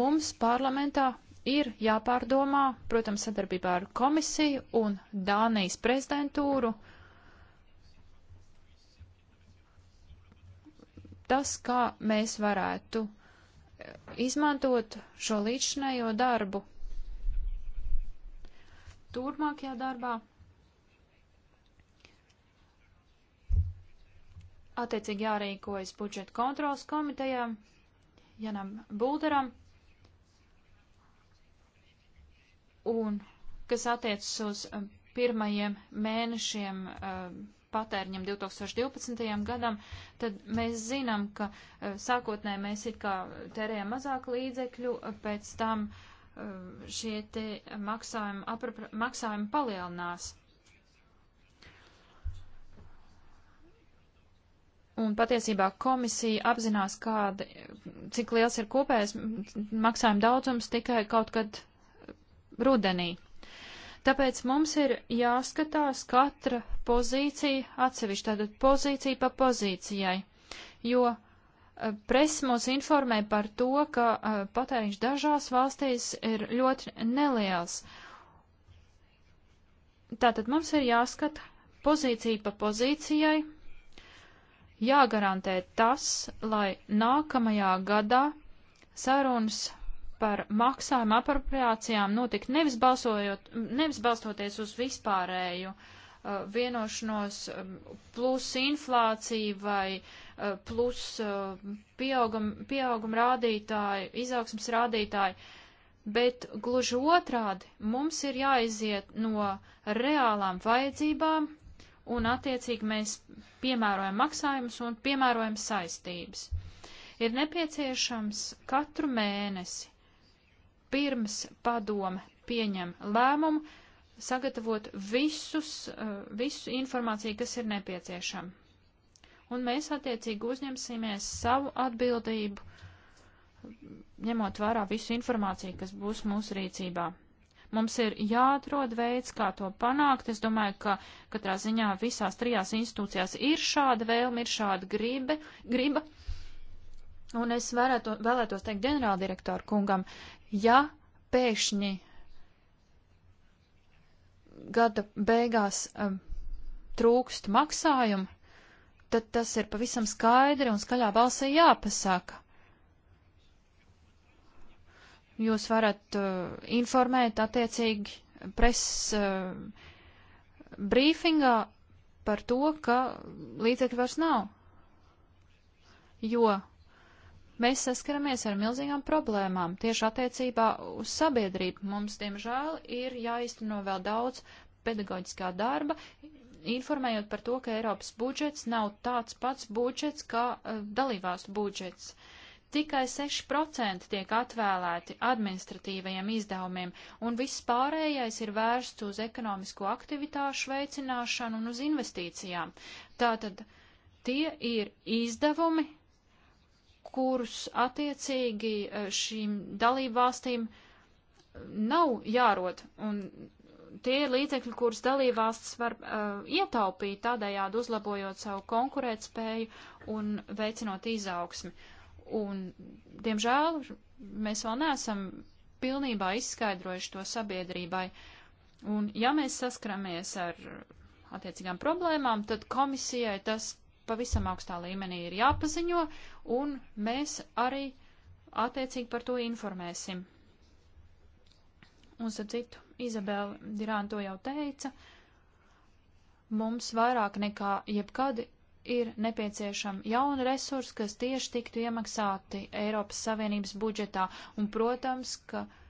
mums parlamentā ir jāpārdomā, protams, sadarbībā ar komisiju un Dānijas prezidentūru, tas, kā mēs varētu izmantot šo līdzinējo darbu turmākajā darbā. Attiecīgi jārīkojas budžeta kontrolas komitejām, Janam Bulderam, Un kas attiecas uz um, pirmajiem mēnešiem um, patēriņam 2012. gadam, tad mēs zinām, ka uh, sākotnē mēs it kā tērējam mazāk līdzekļu, uh, pēc tam uh, šie te maksājumi, apra, maksājumi palielinās. Un patiesībā komisija apzinās, kāda, cik liels ir kopējais maksājuma daudzums tikai kaut kad rudenī. Tāpēc mums ir jāskatās katra pozīcija atsevišķi, tātad pozīcija pa pozīcijai, jo e, presa mūs informē par to, ka e, patēriņš dažās valstīs ir ļoti neliels. Tātad mums ir jāskata pozīcija pa pozīcijai, jāgarantē tas, lai nākamajā gadā sarunas par maksājumu apropriācijām notika nevis, balsojot, nevis balstoties uz vispārēju uh, vienošanos um, plus inflāciju vai uh, plus uh, pieauguma pieaugum rādītāju, izaugsmas rādītāju, bet gluži otrādi mums ir jāiziet no reālām vajadzībām un attiecīgi mēs piemērojam maksājumus un piemērojam saistības. Ir nepieciešams katru mēnesi pirms padome pieņem lēmumu, sagatavot visus, eh, visu informāciju, kas ir nepieciešama. Un mēs attiecīgi uzņemsimies savu atbildību, ņemot vērā visu informāciju, kas būs mūsu rīcībā. Mums ir jāatrod veids, kā to panākt. Es domāju, ka katrā ziņā visās trijās institūcijās ir šāda vēlme, ir šāda gribe, griba. griba Un es varētu, vēlētos teikt ģenerāldirektoru kungam, ja pēkšņi gada beigās um, trūkst maksājumu, tad tas ir pavisam skaidri un skaļā balsē jāpasaka. Jūs varat uh, informēt attiecīgi preses uh, brīfingā par to, ka līdzekļu vairs nav. Jo Mēs saskaramies ar milzīgām problēmām tieši attiecībā uz sabiedrību. Mums, diemžēl, ir jāizteno vēl daudz pedagoģiskā darba, informējot par to, ka Eiropas budžets nav tāds pats budžets kā uh, eh, dalībās budžets. Tikai 6% tiek atvēlēti administratīvajiem izdevumiem, un viss pārējais ir vērsts uz ekonomisko aktivitāšu veicināšanu un uz investīcijām. Tātad tie ir izdevumi, kurus attiecīgi eh, šīm dalībvalstīm eh, nav jārod. Un tie ir līdzekļi, kurus dalībvalsts var uh, ietaupīt, tādējādi uzlabojot savu konkurētspēju un veicinot izaugsmi. Un, diemžēl, mēs vēl neesam pilnībā izskaidrojuši to sabiedrībai. Un, ja mēs saskaramies ar attiecīgām problēmām, tad komisijai tas pavisam augstā līmenī ir jāpaziņo, un mēs arī attiecīgi par to informēsim. Un, starp citu, Izabela Dirāna to jau teica, mums vairāk nekā jebkad ir nepieciešama jauna resursa, kas tieši tiktu iemaksāti Eiropas Savienības budžetā, un, protams, ka uh,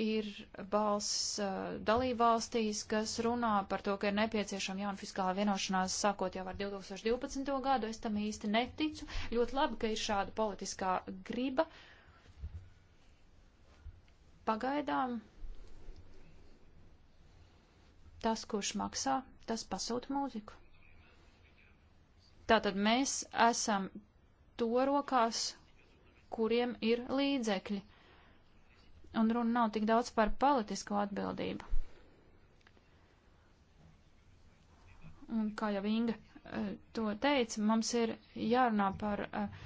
ir balss uh, dalībvalstīs, kas runā par to, ka ir nepieciešama jauna fiskālā vienošanās sākot jau ar 2012. gadu. Es tam īsti neticu. Ļoti labi, ka ir šāda politiskā griba. Pagaidām tas, kurš maksā, tas pasūta mūziku. Tātad mēs esam to rokās, kuriem ir līdzekļi un runa nav tik daudz par politisko atbildību. Un kā jau Inga eh, to teica, mums ir jārunā par uh,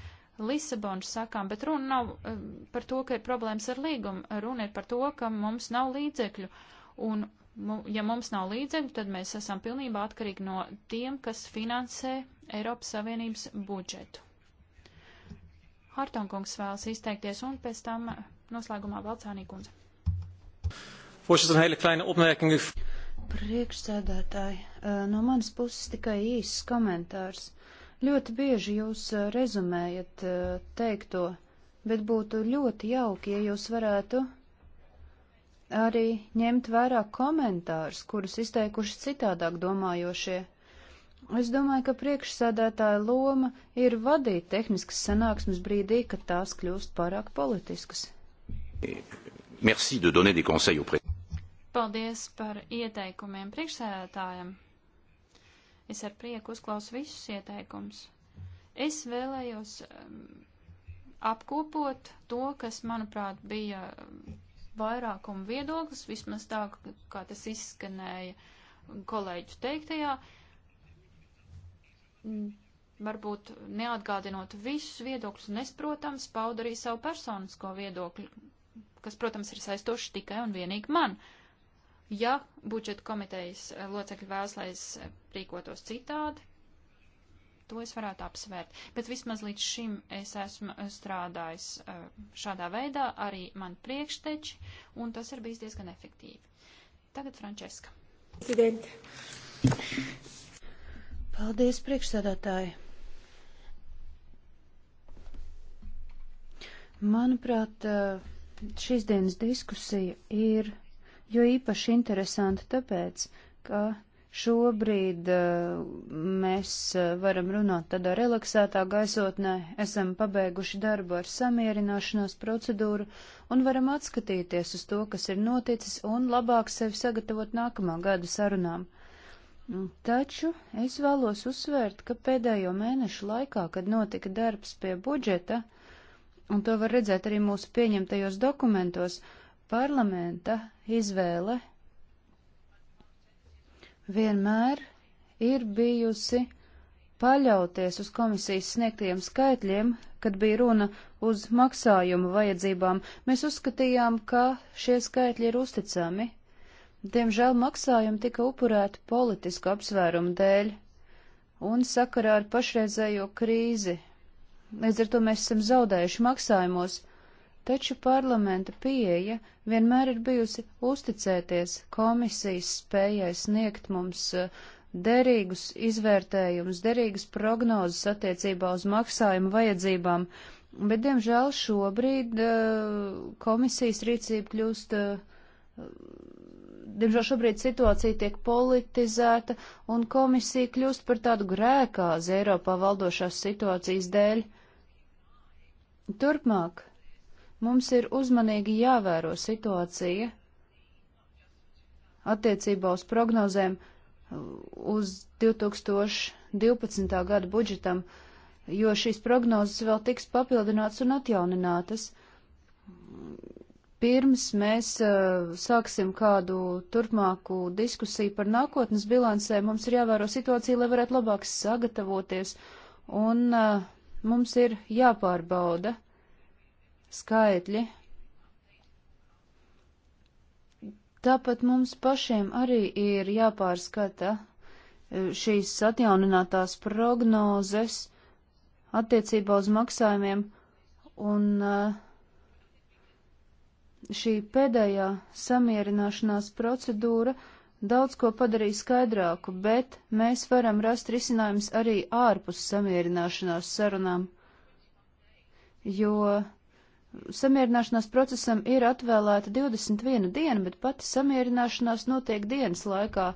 Lisabonas sakām, bet runa nav uh, par to, ka ir problēmas ar līgumu, runa ir par to, ka mums nav līdzekļu. Un, mu, ja mums nav līdzekļu, tad mēs esam pilnībā atkarīgi no tiem, kas finansē Eiropas Savienības budžetu. Hartonkungs vēlas izteikties, un pēc tam Noslēgumā Valcānī kundze. Voorzitter, een hele kleine opmerking. Priekšsēdētāji, eh, no manas puses tikai īsts komentārs. Ļoti bieži jūs eh, rezumējat eh, teikto, bet būtu ļoti jauki, ja jūs varētu arī ņemt vērā komentārus, kurus izteikuši citādāk domājošie. Es domāju, ka priekšsēdētāja loma ir vadīt tehniskas sanāksmes brīdī, kad tās kļūst pārāk politiskas. Merci de donner des conseils au président. Paldies par ieteikumiem priekšsēdētājam. Es ar prieku uzklausu visus ieteikumus. Es vēlējos um, apkopot to, kas, manuprāt, bija um, vairākuma viedoklis, vismaz tā, kā tas izskanēja kolēģu teiktajā. Mm, varbūt neatgādinot visus viedokļus, un es, protams, paudu arī savu personisko viedokļu kas, protams, ir saistoši tikai un vienīgi man. Ja budžeta komitejas eh, locekļi vēlas, lai es eh, rīkotos citādi, to es varētu apsvērt. Bet vismaz līdz šim es esmu eh, strādājis šādā veidā, arī man priekšteči, un tas ir bijis diezgan efektīvi. Tagad Frančeska. Presidente. Paldies, priekšsēdētāji. Manuprāt, uh, šīs dienas diskusija ir jo īpaši interesanta tāpēc, ka šobrīd uh, mēs eh, varam runāt tādā relaksētā gaisotnē, esam pabeiguši darbu ar samierināšanās procedūru un varam atskatīties uz to, kas ir noticis un labāk sevi sagatavot nākamā gada sarunām. Mm, taču es vēlos uzsvērt, ka pēdējo mēnešu laikā, kad notika darbs pie budžeta, uh, un to var redzēt arī mūsu pieņemtajos dokumentos, parlamenta izvēle vienmēr ir bijusi paļauties uz komisijas sniegtajiem skaitļiem, kad bija runa uz maksājumu vajadzībām. Mēs uzskatījām, ka šie skaitļi ir uzticami. Diemžēl maksājumi tika upurēti politisku apsvērumu dēļ un sakarā ar pašreizējo krīzi Līdz ar to mēs esam zaudējuši maksājumos, taču parlamenta pieeja vienmēr ir bijusi uzticēties komisijas spējai sniegt mums eh, derīgus izvērtējumus, derīgas prognozes attiecībā uz maksājumu vajadzībām, bet, diemžēl, šobrīd eh, komisijas rīcība kļūst eh, diemžēl šobrīd situācija tiek politizēta un komisija kļūst par tādu grēkāzi Eiropā valdošās situācijas dēļ. Turpmāk mums ir uzmanīgi jāvēro situācija attiecībā uz prognozēm uz 2012. gada budžetam, jo šīs prognozes vēl tiks papildinātas un atjauninātas. Pirms mēs uh, sāksim kādu turpmāku diskusiju par nākotnes bilansē, mums ir jāvēro situācija, lai varētu labāk sagatavoties un uh, Mums ir jāpārbauda skaitļi. Tāpat mums pašiem arī ir jāpārskata e, šīs atjauninātās prognozes attiecībā uz maksājumiem, un e, šī pēdējā samierināšanās procedūra uh, daudz ko padarīja skaidrāku, bet mēs varam rast risinājums arī ārpus samierināšanās sarunām, jo samierināšanās procesam ir atvēlēta 21 diena, bet pati samierināšanās notiek dienas laikā,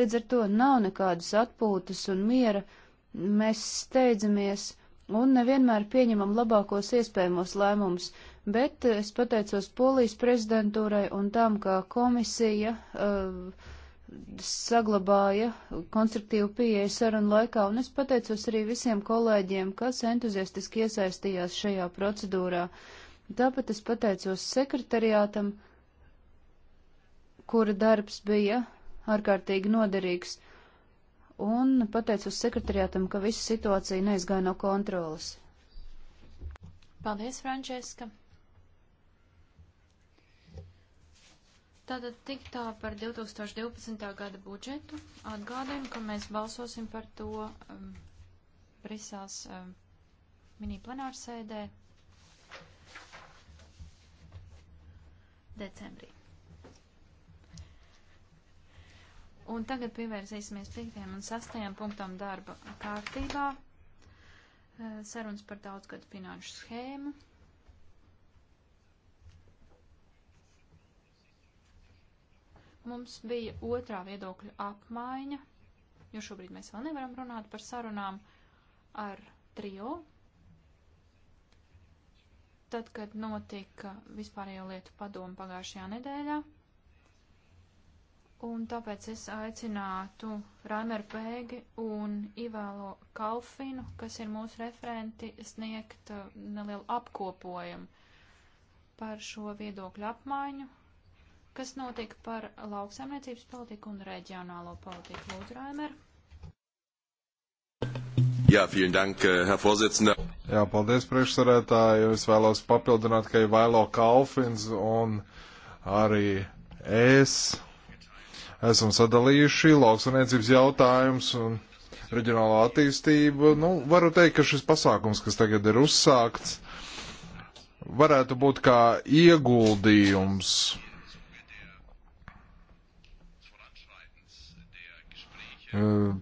līdz ar to nav nekādas atpūtas un miera, mēs steidzamies un nevienmēr pieņemam labākos iespējamos lēmumus, bet es pateicos Polijas prezidentūrai un tam, kā komisija uh, saglabāja konstruktīvu pieeju sarunu laikā, un es pateicos arī visiem kolēģiem, kas entuziastiski iesaistījās šajā procedūrā. Tāpat es pateicos sekretariātam, kura darbs bija ārkārtīgi noderīgs, un pateicos sekretariātam, ka visa situācija neizgāja no kontrolas. Paldies, Frančeska! Tātad tik tā par 2012. gada budžetu. Atgādājam, ka mēs balsosim par to um, Brisels um, mini plenārsēdē decembrī. Un tagad pievērsīsimies piektajam un sastajam punktam darba kārtībā. Uh, sarunas par daudzgadu finanšu schēmu. Mums bija otrā viedokļa apmaiņa, jo šobrīd mēs vēl nevaram runāt par sarunām ar trio. Tad, kad notika vispārējo lietu padomu pagājušajā nedēļā, un tāpēc es aicinātu Raimeru Pēgi un Ivēlo Kalfinu, kas ir mūsu referenti, sniegt uh, nelielu apkopojumu par šo viedokļu apmaiņu, kas notiek par lauksaimniecības politiku un reģionālo politiku. Lūdzu, Raimer. Jā, vielen dank, eh, Herr Vorsitzender. Jā, paldies priekšsarētāji. Es vēlos papildināt, ka Ivailo Kalfins un arī es esam sadalījuši lauksaimniecības jautājumus un reģionālo attīstību. Nu, varu teikt, ka šis pasākums, kas tagad ir uzsākts, varētu būt kā ieguldījums Eh,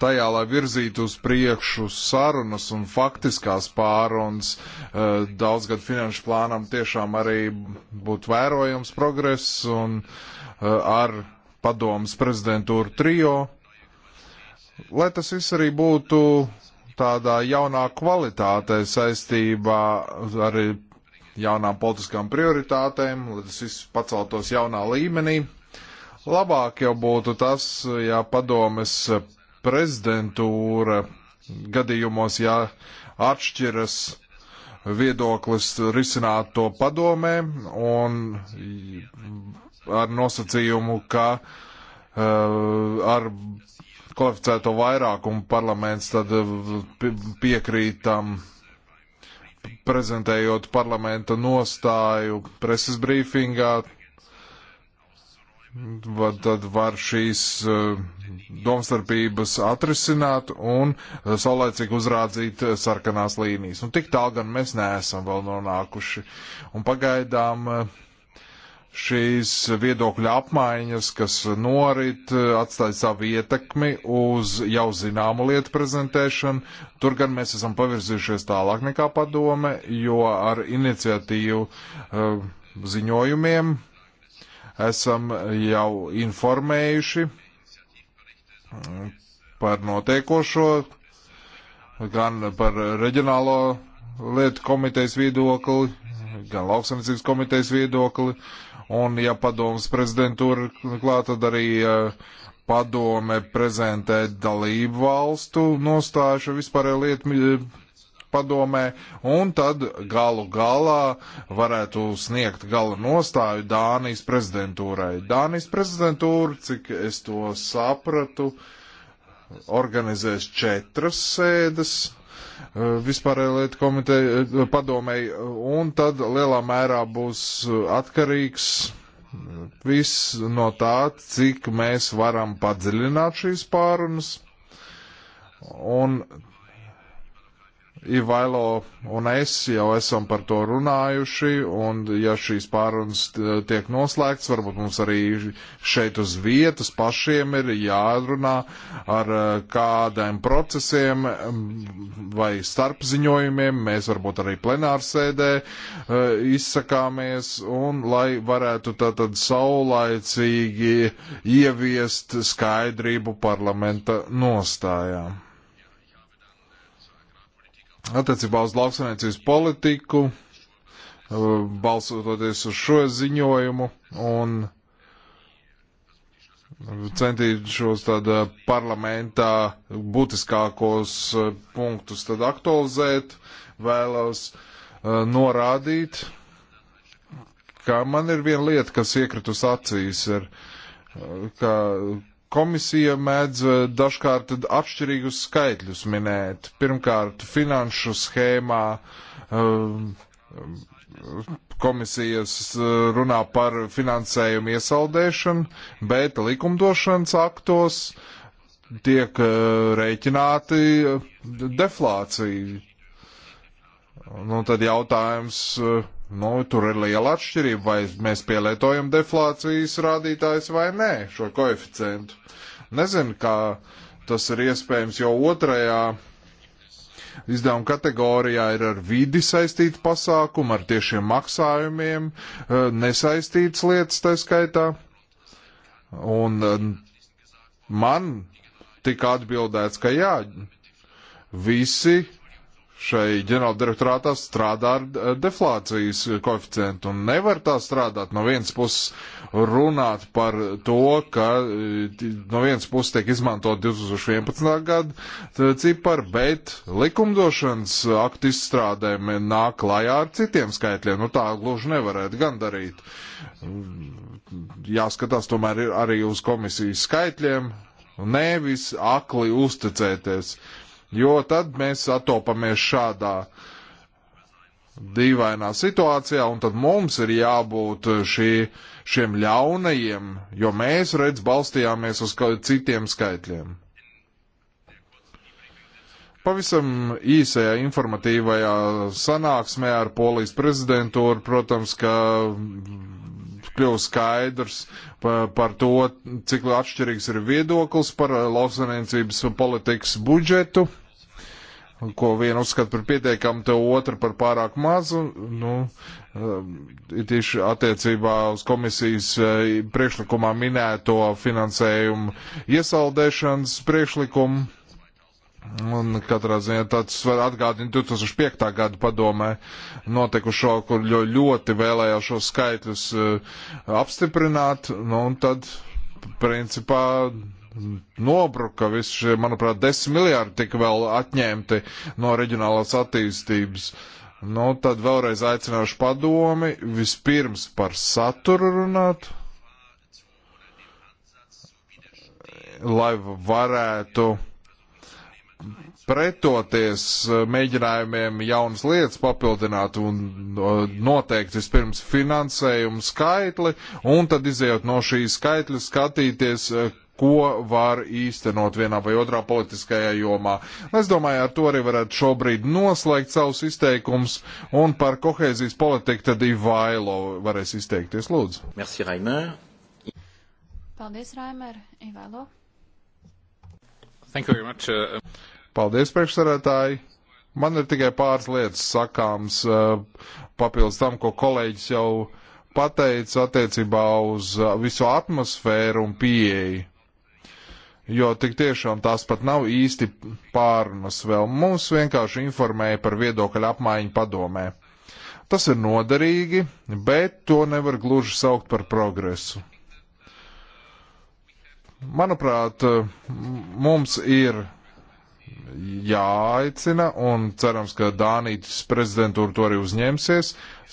tajā, lai virzītu uz priekšu sarunas un faktiskās pārunas eh, daudzgad finanšu plānam tiešām arī būtu vērojams progress un eh, ar padomas prezidentūru trijo. Lai tas viss arī būtu tādā jaunā kvalitātē saistībā ar jaunām politiskām prioritātēm, lai tas viss paceltos jaunā līmenī Labāk jau būtu tas, ja padomes prezidentūra gadījumos, ja atšķiras viedoklis risināt to padomē un ar nosacījumu, ka uh, ar kvalificēto vairākumu parlaments tad eh, piekrītam prezentējot parlamenta nostāju preses brīfingā, tad var šīs eh, domstarpības atrisināt un eh, saulēcīgi uzrādzīt eh, sarkanās līnijas. Un nu, tik tālu gan mēs neesam vēl nonākuši. Un pagaidām šīs viedokļa apmaiņas, kas norit, atstāja savu ietekmi uz jau zināmu lietu prezentēšanu. Tur gan mēs esam pavirzījušies tālāk nekā padome, jo ar iniciatīvu ziņojumiem esam jau informējuši mm, par notiekošo, gan par reģionālo lietu komitejas viedokli, gan lauksaimniecības komitejas viedokli, un ja padomas prezidentūra klāt, tad arī uh, padome prezentē dalību valstu nostājušo vispārējo lietu padomē, un tad galu galā varētu sniegt gala nostāju Dānijas prezidentūrai. Dānijas prezidentūra, cik es to sapratu, organizēs četras sēdes eh, vispārējā lietu komiteja eh, padomēji, un tad lielā mērā būs atkarīgs viss no tā, cik mēs varam padziļināt šīs pārunas. Un Ivailo un es jau esam par to runājuši, un ja šīs pārunas tiek noslēgts, varbūt mums arī šeit uz vietas pašiem ir jārunā ar eh, kādiem procesiem vai starpziņojumiem. Mēs varbūt arī plenārsēdē eh, izsakāmies, un lai varētu tātad saulaicīgi ieviest skaidrību parlamenta nostājām attiecībā uz lauksaimniecības politiku, uh, balsoties uz šo ziņojumu un centīšos tad uh, parlamentā būtiskākos uh, punktus tad aktualizēt, vēlos norādīt, ka man ir viena lieta, kas iekritus acīs, ir, ka Komisija mēdz eh, dažkārt atšķirīgus skaitļus minēt. Pirmkārt, finanšu schēmā eh, komisijas eh, runā par finansējumu iesaldēšanu, bet likumdošanas aktos tiek rēķināti deflācija. Nu, tad jautājums, Nu, tur ir liela atšķirība, vai mēs pielietojam deflācijas rādītājs vai nē, šo koeficientu. Nezinu, kā tas ir iespējams, jo otrajā izdevuma kategorijā ir ar vidi saistīti pasākumi, ar tiešiem maksājumiem, eh, nesaistītas lietas tā skaitā. Un eh, man tika atbildēts, ka jā, visi šai ģenerāldirektorātā strādā ar eh, deflācijas koeficientu. Un nevar tā strādāt. No vienas puses runāt par to, ka eh, no vienas puses tiek izmantot 2011. gada eh, cipari, bet likumdošanas aktu izstrādēm nāk klajā ar citiem skaitļiem. Nu tā gluži nevarētu gan darīt. Jāskatās tomēr arī uz komisijas skaitļiem, nevis akli uzticēties. Uh, jo tad mēs atopamies šādā dīvainā situācijā, un tad mums ir jābūt šī, šiem ļaunajiem, jo mēs, redz, balstījāmies uz citiem skaitļiem. Pavisam īsajā informatīvajā sanāksmē ar polijas prezidentūru, protams, ka kļuva skaidrs par, par to, cik atšķirīgs ir viedoklis par eh, lauksaimniecības politikas budžetu, ko viena uzskata par pietiekamu, te otra par pārāk mazu. Nu, eh, it īši attiecībā uz komisijas eh, priekšlikumā minēto finansējumu iesaldēšanas priekšlikumu Un katrā ziņā tāds var atgādināt 2005. gada padomē notikušo, kur ļoti vēlējās šos skaitļus eh, apstiprināt, nu, un tad, principā, nobruka visi šie, manuprāt, 10 miljārdi tika vēl atņemti no reģionālās attīstības. Nu, tad vēlreiz aicināšu padomi vispirms par saturu runāt, lai varētu pretoties eh, mēģinājumiem jaunas lietas papildināt un eh, noteikt vispirms finansējumu skaitli, un tad izējot no šī skaitļa skatīties, eh, ko var īstenot vienā vai otrā politiskajā jomā. Es domāju, ar to arī varētu šobrīd noslēgt savus izteikums, un par kohēzijas politiku tad Ivailo varēs izteikties, lūdzu. Merci, Raimer. Paldies, Raimer. Ivailo. Thank you very much. Uh, uh... Paldies, priekšsarētāji. Man ir tikai pāris lietas sakāms uh, papildus tam, ko kolēģis jau pateica attiecībā uz uh, visu atmosfēru un pieeju. Jo tik tiešām tās pat nav īsti pārunas vēl. Mums vienkārši informēja par viedokļu apmaiņu padomē. Tas ir noderīgi, bet to nevar gluži saukt par progresu. Manuprāt, mums ir jāaicina, un cerams, ka Dānijas prezidentūra to arī uzņemsies,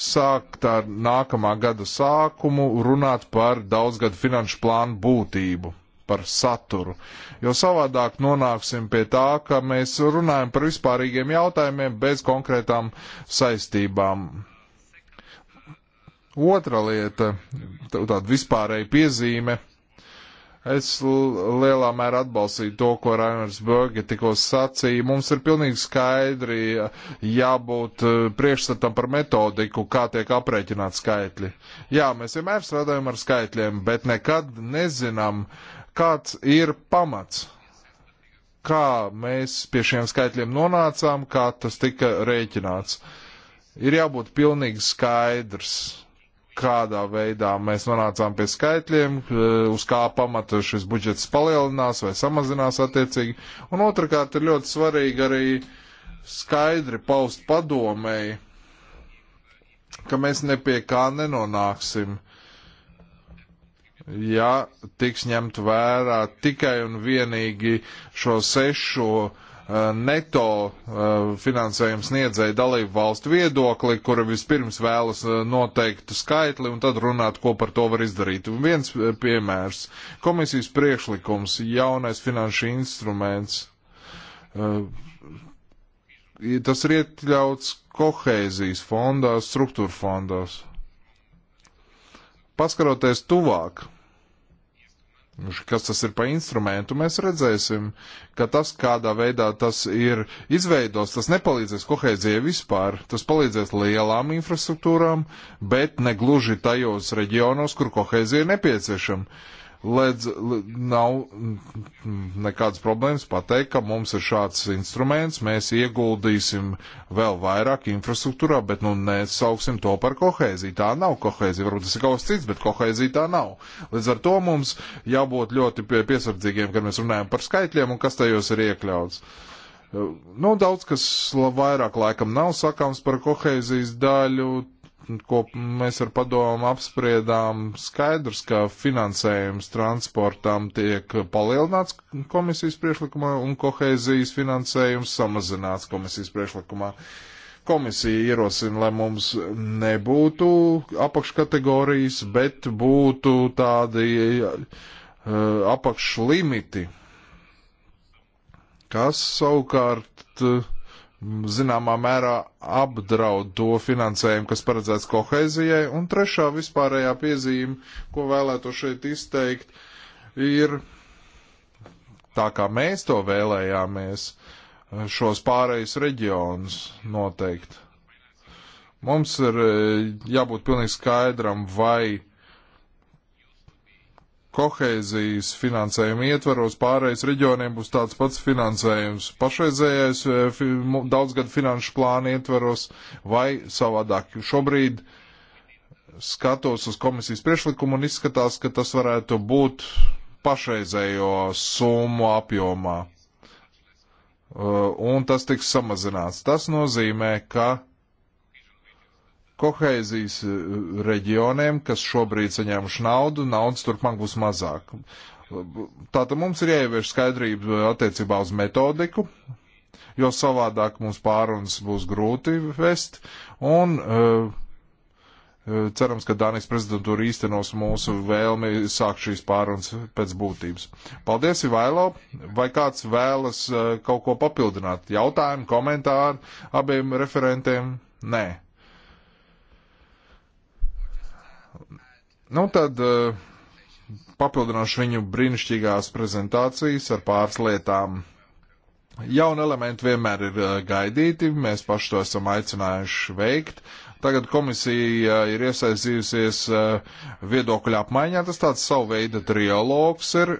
sākt ar nākamā gada sākumu runāt par daudzgadu finanšu plānu būtību, par saturu. Jo savādāk nonāksim pie tā, ka mēs runājam par vispārīgiem jautājumiem bez konkrētām saistībām. Otra lieta, tāda vispārēja piezīme Es lielā mērā atbalstīju to, ko Rainers Böge tikko sacīja. Mums ir pilnīgi skaidri eh, jābūt eh, priekšstatam par metodiku, kā tiek aprēķināt skaitļi. Jā, mēs vienmēr strādājam ar skaitļiem, bet nekad nezinām, kāds ir pamats. Kā mēs pie šiem skaitļiem nonācām, kā tas tika rēķināts. Ir jābūt pilnīgi skaidrs kādā veidā mēs nonācām pie skaitļiem, eh, uz kā pamata šis budžets palielinās vai samazinās attiecīgi. Un otrkārt ir ļoti svarīgi arī skaidri paust padomēji, ka mēs ne pie kā nenonāksim, ja tiks ņemt vērā tikai un vienīgi šo sešu Eh, neto eh, finansējumu sniedzēju dalību valstu viedokli, kura vispirms vēlas eh, noteiktu skaitli un tad runāt, ko par to var izdarīt. Un viens piemērs - komisijas priekšlikums, jaunais finanšu instruments. Tas ir iekļauts kohēzijas fondās, struktūra fondās. Paskaroties tuvāk, Nu, kas tas ir pa instrumentu, mēs redzēsim, ka tas, kādā veidā tas ir izveidos, tas nepalīdzēs kohēzijai vispār. Tas palīdzēs lielām infrastruktūrām, bet ne gluži tajos reģionos, kur kohēzija ir nepieciešama. Ledz nav nekādas problēmas pateikt, ka mums ir šāds instruments, mēs ieguldīsim vēl vairāk infrastruktūrā, bet nu nesauksim to par kohēziju. Tā nav kohēzija, varbūt tas ir kaut kas cits, bet kohēzija tā nav. Līdz ar to mums jābūt ļoti piesardzīgiem, kad mēs runājam par skaitļiem un kas tajos ir iekļauts. Nu, daudz kas vairāk laikam nav sakāms par kohēzijas daļu, ko mēs ar padomu apspriedām, skaidrs, ka finansējums transportam tiek palielināts komisijas priešlikumā un kohēzijas finansējums samazināts komisijas priešlikumā. Komisija ierosina, lai mums nebūtu apakškategorijas, bet būtu tādi uh, apakšlimiti, kas savukārt uh, zināmā mērā apdraud to finansējumu, kas paredzēts kohēzijai. Un trešā vispārējā piezīme, ko vēlēto šeit izteikt, ir tā kā mēs to vēlējāmies, šos pārējus reģionus noteikt. Mums ir eh, jābūt pilnīgi skaidram, vai kohēzijas finansējuma ietvaros pārējais reģioniem būs tāds pats finansējums pašreizējais eh, daudzgad finanšu plāna ietvaros vai savādāk. Šobrīd skatos uz komisijas priešlikumu un izskatās, ka tas varētu būt pašreizējo summu apjomā. Eh, un tas tiks samazināts. Tas nozīmē, ka kohēzijas eh, reģioniem, kas šobrīd saņēmuši naudu, naudas turpmāk būs mazāk. Tātad mums ir jāievieš skaidrība eh, attiecībā uz metodiku, jo savādāk mums pārunas būs grūti vest, un uh, cerams, ka Dānijas prezidentūra īstenos mūsu vēlmi sākt šīs pārunas pēc būtības. Paldies, Ivailo! Vai kāds vēlas uh, kaut ko papildināt? Jautājumu, komentāru abiem referentiem? Nē. Nu tad eh, papildinošu viņu brīnišķīgās prezentācijas ar pāris lietām. Jauni elementi vienmēr ir eh, gaidīti, mēs paši to esam aicinājuši veikt. Tagad komisija eh, ir iesaistījusies viedokļu apmaiņā, tas tāds savu veidu trialogs ir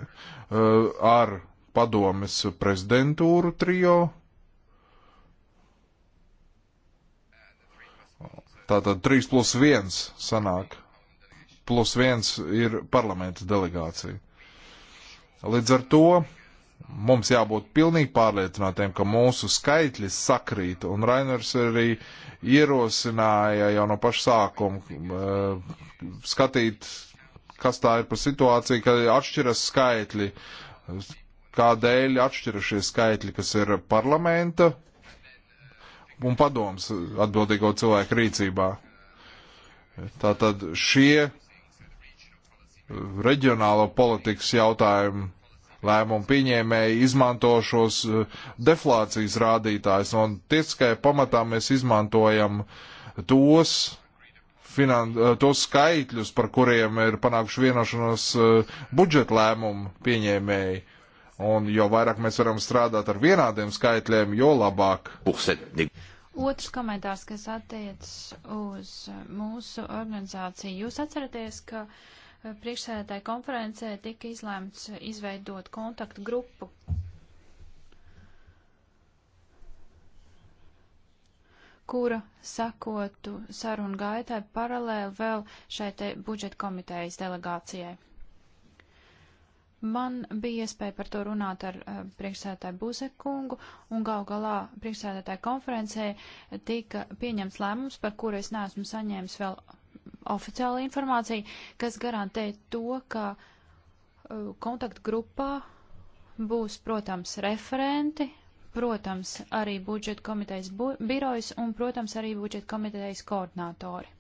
ar padomes prezidentūru trio. Tātad 3 plus 1 sanāk plus viens ir parlamenta delegācija. Līdz ar to mums jābūt pilnīgi pārliecinātiem, ka mūsu skaitļi sakrīt, un Rainers arī ierosināja jau no paša sākuma uh, skatīt, kas tā ir par situāciju, ka atšķiras skaitļi, kādēļ atšķiras šie skaitļi, kas ir parlamenta un padoms atbildīgo cilvēku rīcībā. Tātad šie reģionālo politikas jautājumu lēmumu pieņēmēji izmanto šos eh, deflācijas rādītājus, un tiesiskajā pamatā mēs izmantojam tos, finan, eh, tos skaitļus, par kuriem ir panākuši vienošanos eh, budžeta lēmumu pieņēmēji. Un jo vairāk mēs varam strādāt ar vienādiem skaitļiem, jo labāk. Otrs komentārs, kas attiecas uz mūsu organizāciju. Jūs atceraties, ka uh, priekšsēdētāja konferencē tika izlēmts izveidot kontaktu grupu. kura sakotu sarunu gaitai paralēli vēl šai te budžeta komitejas delegācijai. Man bija iespēja par to runāt ar uh, priekšsēdētāju Buzekungu, un gal galā priekšsēdētāju konferencē tika pieņemts lēmums, par kuru es neesmu saņēmis vēl oficiāla informācija, kas garantē to, ka uh, kontaktgrupā būs, protams, referenti, protams, arī budžeta komitejas bu birojas un, protams, arī budžeta komitejas koordinātori.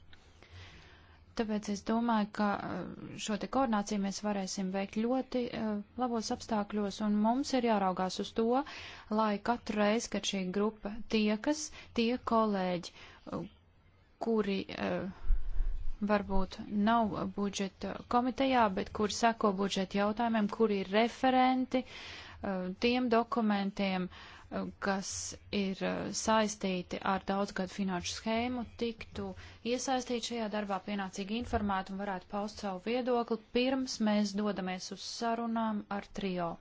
Tāpēc es domāju, ka uh, šo te koordināciju mēs varēsim veikt ļoti uh, labos apstākļos, un mums ir jāraugās uz to, lai katru reizi, kad šī grupa tiekas, tie kolēģi, uh, kuri uh, varbūt nav budžeta komitejā, bet kuri sako budžeta jautājumiem, kuri ir referenti uh, tiem dokumentiem, uh, kas ir uh, saistīti ar daudzgadu finanšu schēmu, tiktu iesaistīti šajā darbā, pienācīgi informēti un varētu paust savu viedokli, pirms mēs dodamies uz sarunām ar trio.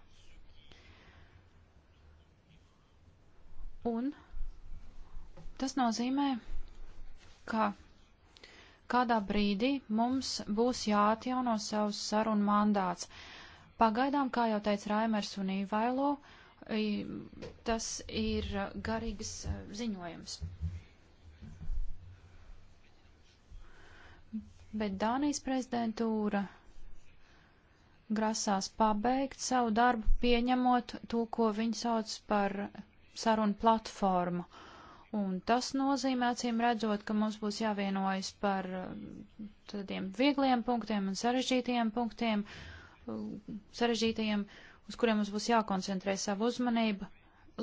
Un tas nozīmē, ka kādā brīdī mums būs jāatjauno savs sarunu mandāts. Pagaidām, kā jau teica Raimers un Īvailo, tas ir garīgs e, ziņojums. Bet Dānijas prezidentūra grasās pabeigt savu darbu, pieņemot to, ko viņi sauc par sarunu platformu. Uh, Un tas nozīmē, acīm redzot, ka mums būs jāvienojas par eh, tādiem viegliem punktiem un sarežģītajiem punktiem, eh, sarežģītajiem, uz kuriem mums būs jākoncentrē savu uzmanību,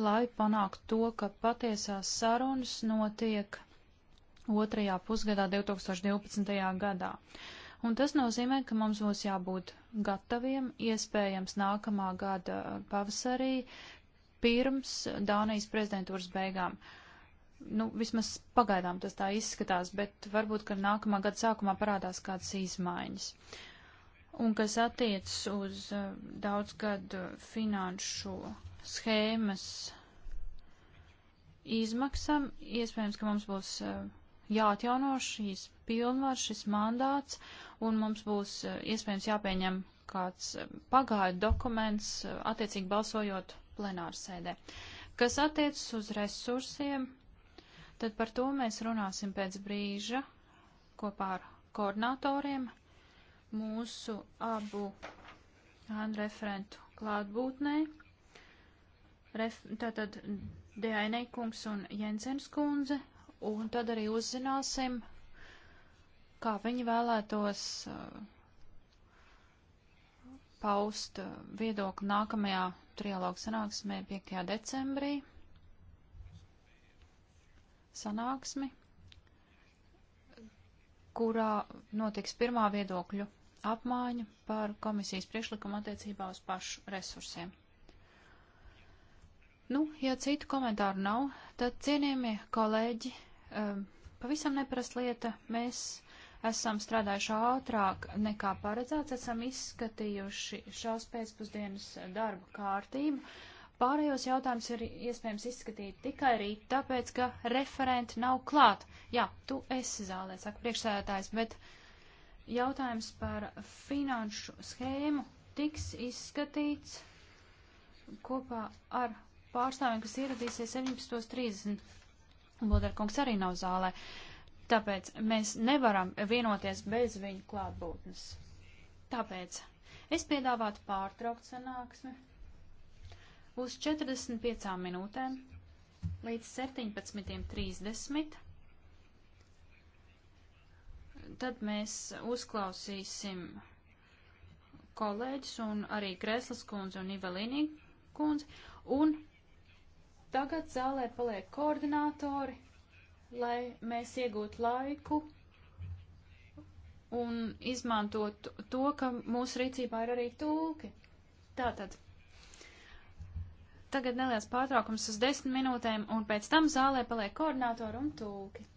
lai panāktu to, ka patiesās sarunas notiek otrajā pusgadā 2012. gadā. Un tas nozīmē, ka mums būs jābūt gataviem, iespējams, nākamā gada pavasarī pirms Dānijas prezidentūras beigām. Uh, nu, vismaz pagaidām tas tā izskatās, bet varbūt, ka nākamā gada sākumā parādās kādas izmaiņas. Un kas attiecas uz eh, daudzgadu finanšu schēmas izmaksām, iespējams, ka mums būs eh, jāatjauno šīs pilnvaras, šis mandāts, un mums būs eh, iespējams jāpieņem kāds pagāju dokuments, attiecīgi balsojot plenārsēdē. Kas attiecas uz resursiem, tad par to mēs runāsim pēc brīža kopā ar koordinatoriem mūsu abu ēnu referentu klātbūtnē. Ref, tātad Dēainē kungs un Jensens kundze, un tad arī uzzināsim, kā viņi vēlētos uh, paust uh, viedokli nākamajā trialogu sanāksmē 5. decembrī sanāksmi, kurā notiks pirmā viedokļu apmaiņa par komisijas priekšlikumu attiecībā uz pašu resursiem. Nu, ja citu komentāru nav, tad cienījamie kolēģi, um, pavisam neparasta lieta, mēs esam strādājuši ātrāk nekā paredzēts, esam izskatījuši šās pēcpusdienas darba kārtību. Uh, Pārējos jautājumus ir iespējams izskatīt tikai rīt, tāpēc, ka referenti nav klāt. Jā, tu esi zālē, saka priekšsēdētājs, bet jautājums par finanšu schēmu tiks izskatīts kopā ar pārstāvjiem, kas ieradīsies 17.30. Bodarkungs arī nav zālē, tāpēc mēs nevaram vienoties bez viņa klātbūtnes. Tāpēc es piedāvātu pārtraukt sanāksmi uz 45 minūtēm līdz 17.30. Tad mēs uzklausīsim kolēģis un arī Kreslas kundze un Ivalīnī kundze. Un tagad zālē paliek koordinātori, lai mēs iegūtu laiku un izmantot to, ka mūsu rīcībā ir arī tulki. Tātad. Tagad neliels pārtraukums uz desmit minūtēm, un pēc tam zālē paliek koordinātori un tūki.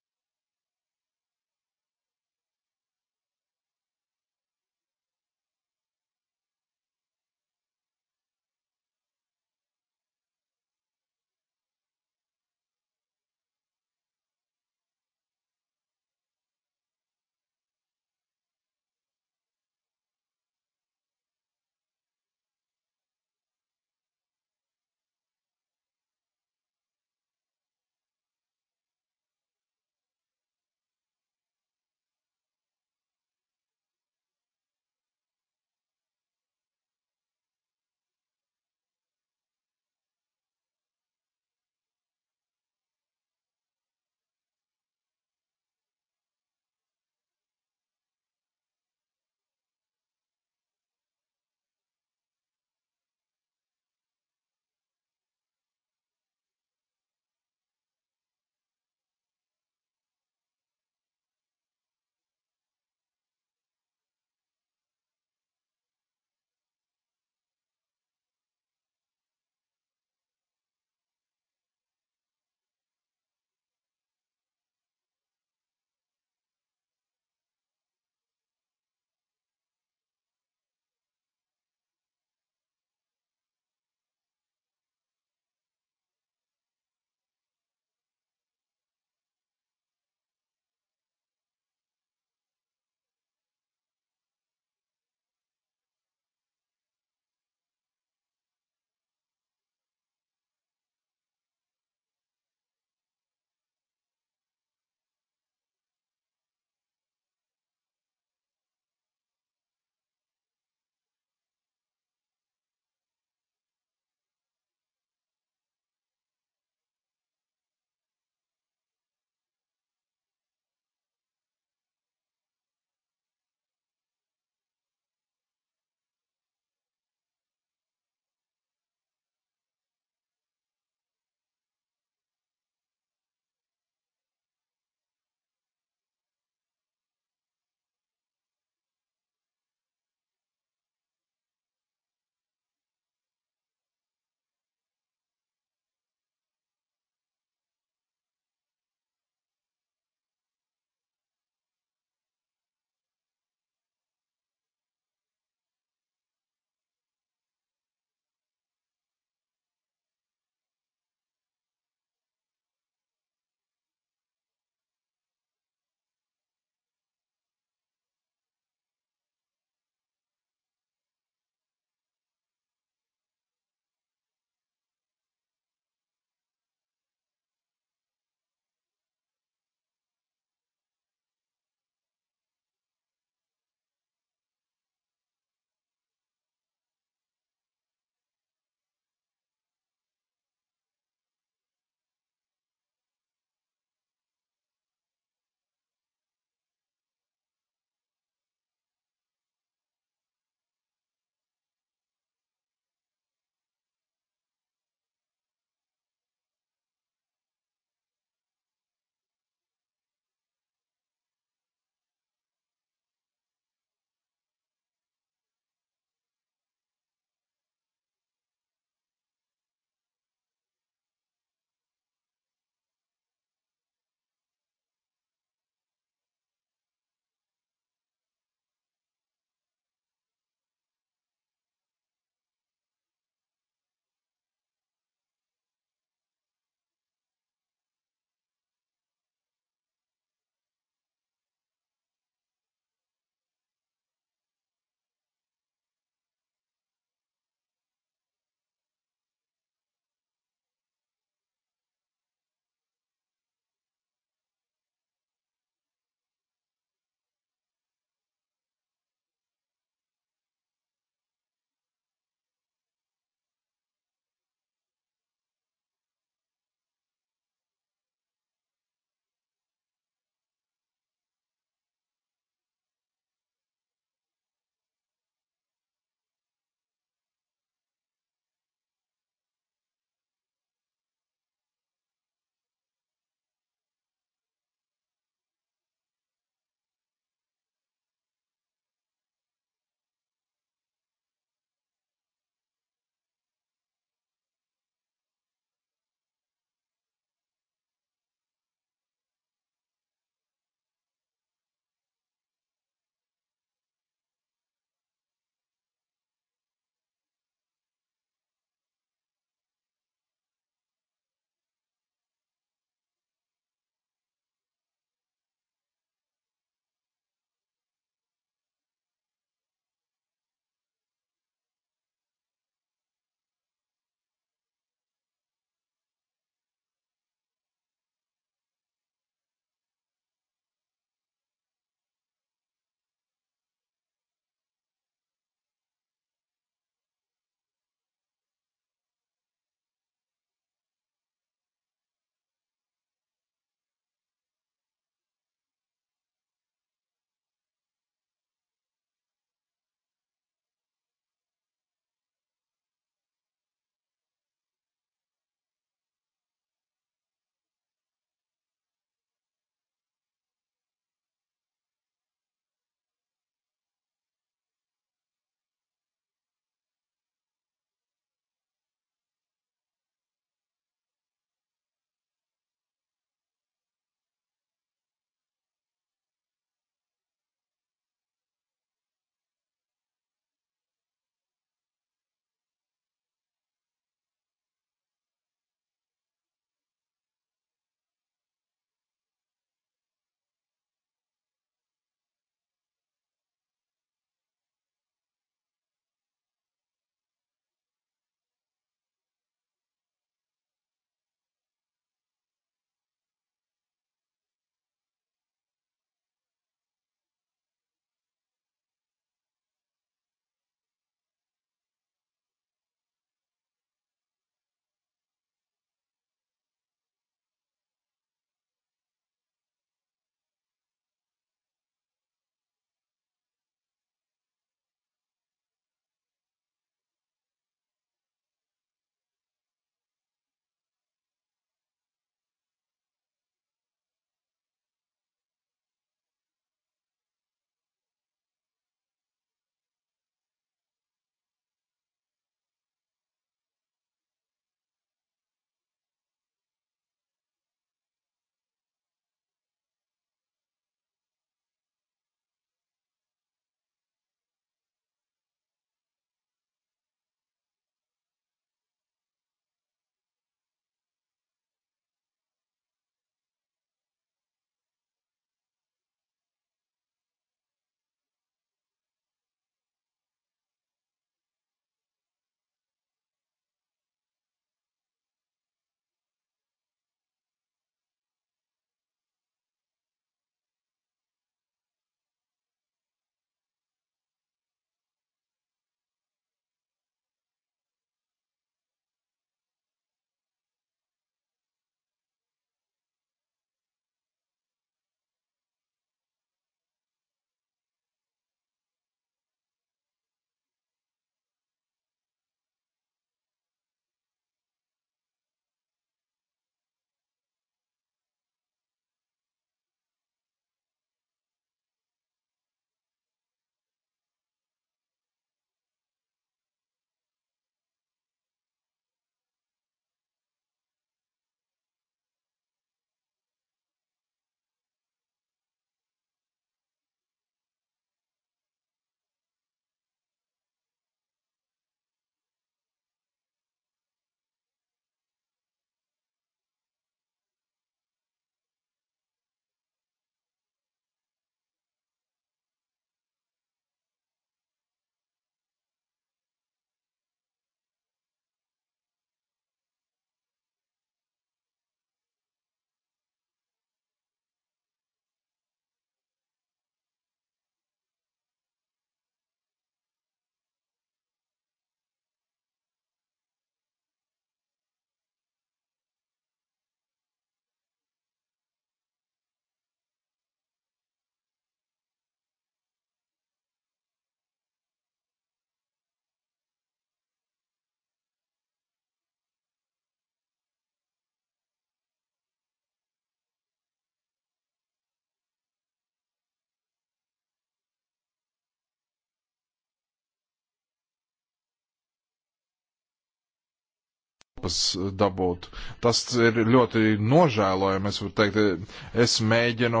telpas dabūt. Tas ir ļoti nožēlojami, es varu teikt, es mēģinu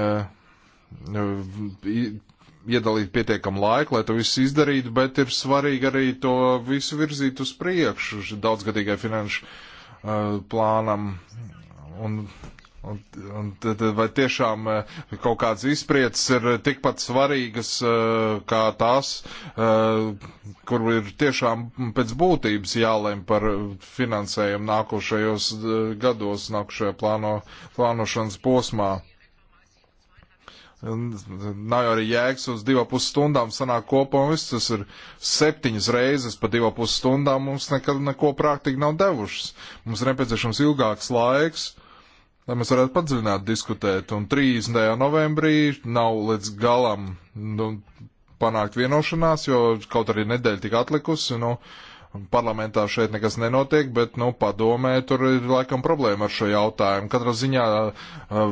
uh, iedalīt pietiekam laiku, lai to visu izdarītu, bet ir svarīgi arī to visu virzīt uz priekšu daudzgadīgai finanšu uh, plānam. Un Un, un tad, vai tiešām eh, kaut kādas izpriecas ir tikpat svarīgas eh, kā tās, eh, kur ir tiešām pēc būtības jālem par finansējumu nākošajos gados, nākošajā plāno, plānošanas posmā? Nav jau arī jēgas uz divu pus stundām sanāk kopā, un viss tas ir septiņas reizes pa divu pus stundām mums nekad neko praktīgi nav devušas. Mums ir nepieciešams ilgāks laiks. Uh, lai mēs varētu padziļināt diskutēt. Un 30. novembrī nav līdz galam nu, panākt vienošanās, jo kaut arī nedēļa tika atlikusi. Nu, Parlamentā šeit nekas nenotiek, bet, nu, padomē, tur ir laikam problēma ar šo jautājumu. Katrā ziņā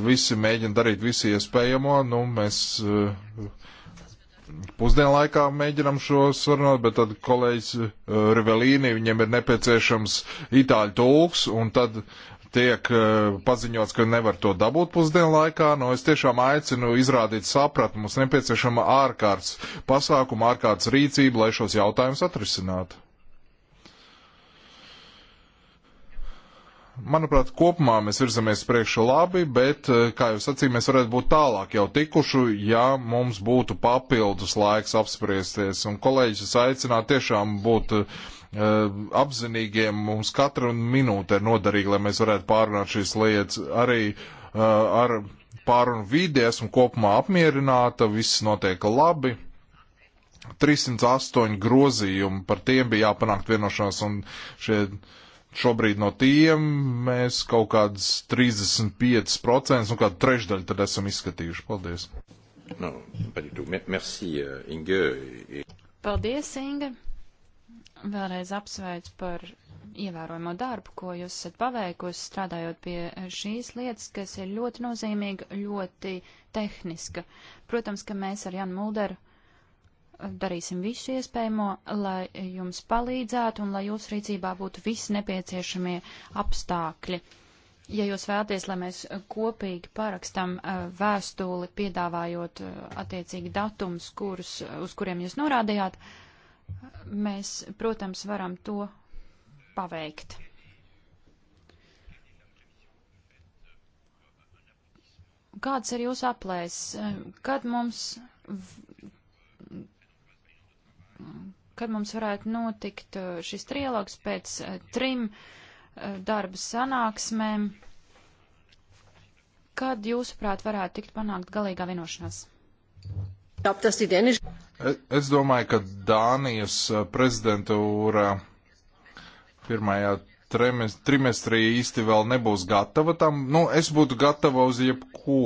visi mēģina darīt visu iespējamo, nu, mēs pusdienlaikā mēģinām šo sarunāt, bet tad kolēģis Rivelīni, viņiem ir nepieciešams itāļu tulks, un tad tiek eh, paziņots, ka nevar to dabūt pusdienu laikā. Nu, es tiešām aicinu izrādīt sapratni. Mums nepieciešama ārkārtas pasākuma, ārkārtas rīcība, lai šos jautājumus atrisinātu. Manuprāt, kopumā mēs virzamies priekšu labi, bet, eh, kā jau sacīju, mēs varētu būt tālāk jau tikuši, ja mums būtu papildus laiks apspriesties. Un kolēģis es aicinātu tiešām būt uh, apzinīgiem, mums katra minūte ir noderīga, lai mēs varētu pārunāt šīs lietas. Arī uh, ar pārunu vīdi esmu kopumā apmierināta, viss notiek labi. 308 grozījumi, par tiem bija jāpanākt vienošanās un šie. Uh, Šobrīd no tiem mēs kaut kāds 35%, nu kādu trešdaļu tad esam izskatījuši. Paldies! No, Merci, uh, Inge. Paldies, Inga! Vēlreiz apsveicu par ievērojamo darbu, ko jūs esat paveikusi strādājot pie šīs lietas, kas ir ļoti nozīmīga, ļoti tehniska. Protams, ka mēs ar Janu Mulderu darīsim visu iespējamo, lai jums palīdzētu un lai jūsu rīcībā būtu visi nepieciešamie apstākļi. Ja jūs vēlaties, lai mēs kopīgi parakstam uh, vēstuli, piedāvājot uh, attiecīgi datums, kurus, uz kuriem jūs norādījāt, mēs, protams, varam to paveikt. Kāds ir jūsu aplēs? Kad mums kad mums varētu notikt uh, šis trialogs pēc uh, trim uh, darba sanāksmēm, kad jūsuprāt varētu tikt panākt galīgā vienošanās? Es domāju, ka Dānijas prezidentūra pirmajā trimestrī īsti vēl nebūs gatava tam. Nu, es būtu gatava uz jebko,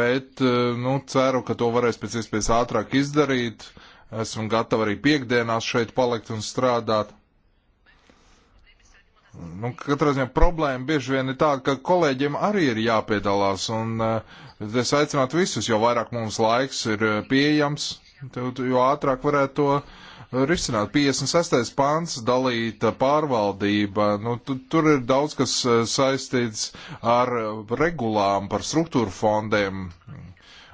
bet, nu, ceru, ka to varēs pēc iespējas ātrāk izdarīt. Uh, Esmu gatava arī piekdienās šeit palikt un strādāt. Nu, katrā ziņā problēma bieži vien ir tāda, ka kolēģiem arī ir jāpiedalās, un eh, es aicinātu visus, jo vairāk mums laiks ir eh, pieejams, jo ātrāk varētu to eh, risināt. 56. pāns dalīta pārvaldība, nu, tu, tur ir daudz, kas saistīts ar regulām par struktūru fondiem,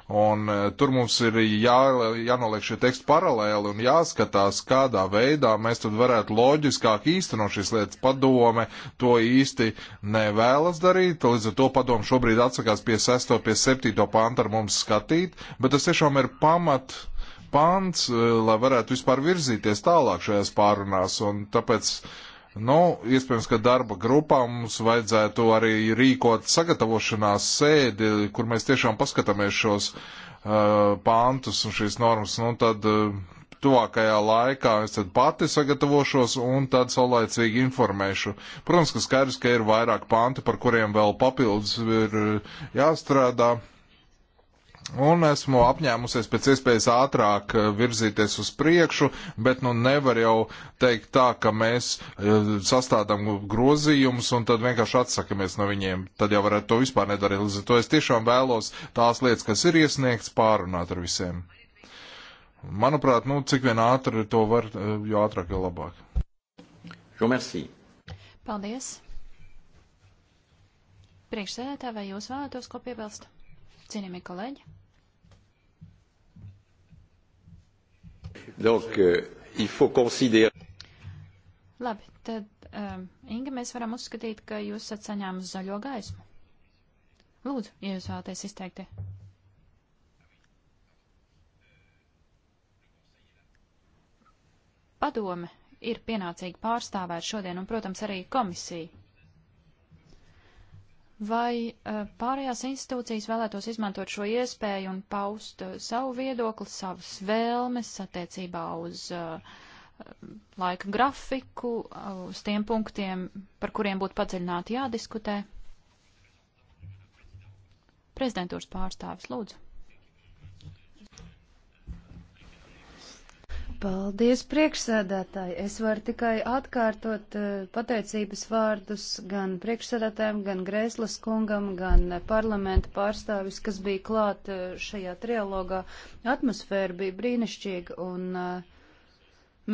Un e, tur mums ir jā, jānoliek šie teksti paralēli un jāskatās, kādā veidā mēs tad varētu loģiskāk īstenot šīs lietas. Padome to īsti nevēlas darīt, līdz ar to padome šobrīd atsakās pie 6. pie 7. panta ar mums skatīt, bet tas tiešām ir pamat pants, e, lai varētu vispār virzīties tālāk šajās pārunās. Un tāpēc uh, Nu, iespējams, ka darba grupā mums vajadzētu arī rīkot sagatavošanās sēdi, kur mēs tiešām paskatāmies šos uh, pāntus un šīs normas. Nu, tad uh, tuvākajā laikā es tad pati sagatavošos un tad saulaicīgi informēšu. Protams, ka skaidrs, ka ir vairāk panti, par kuriem vēl papildus ir uh, jāstrādā. Uh, Un esmu apņēmusies pēc iespējas ātrāk eh, virzīties uz priekšu, bet nu nevar jau teikt tā, ka mēs eh, sastādām grozījumus un tad vienkārši atsakamies no viņiem. Tad jau varētu to vispār nedarīt. Līdz ar to es tiešām vēlos tās lietas, kas ir iesniegts, pārunāt ar visiem. Manuprāt, nu cik vien ātri to var, eh, jo ātrāk, jo labāk. Paldies! Priekšsēdētāji, vai jūs vēlētos ko piebilst? Cienījamie kolēģi. Donc, euh, il faut considérer. Labi, tad, um, Inga, mēs varam uzskatīt, ka jūs esat saņēmusi zaļo gaismu. Lūdzu, ja jūs vēlaties izteikti. Padome ir pienācīgi pārstāvēt šodien, un, protams, arī komisija. Vai e, pārējās institūcijas vēlētos izmantot šo iespēju un paust e, savu viedokli, savas vēlmes attiecībā uz e, laika grafiku, uz tiem punktiem, par kuriem būtu padziļināti jādiskutē? Prezidentūras pārstāvis, lūdzu. Paldies, priekšsēdētāji! Es varu tikai atkārtot eh, pateicības vārdus gan priekšsēdētājiem, gan Grēslas kungam, gan eh, parlamenta pārstāvis, kas bija klāt eh, šajā trialogā. Atmosfēra bija brīnišķīga un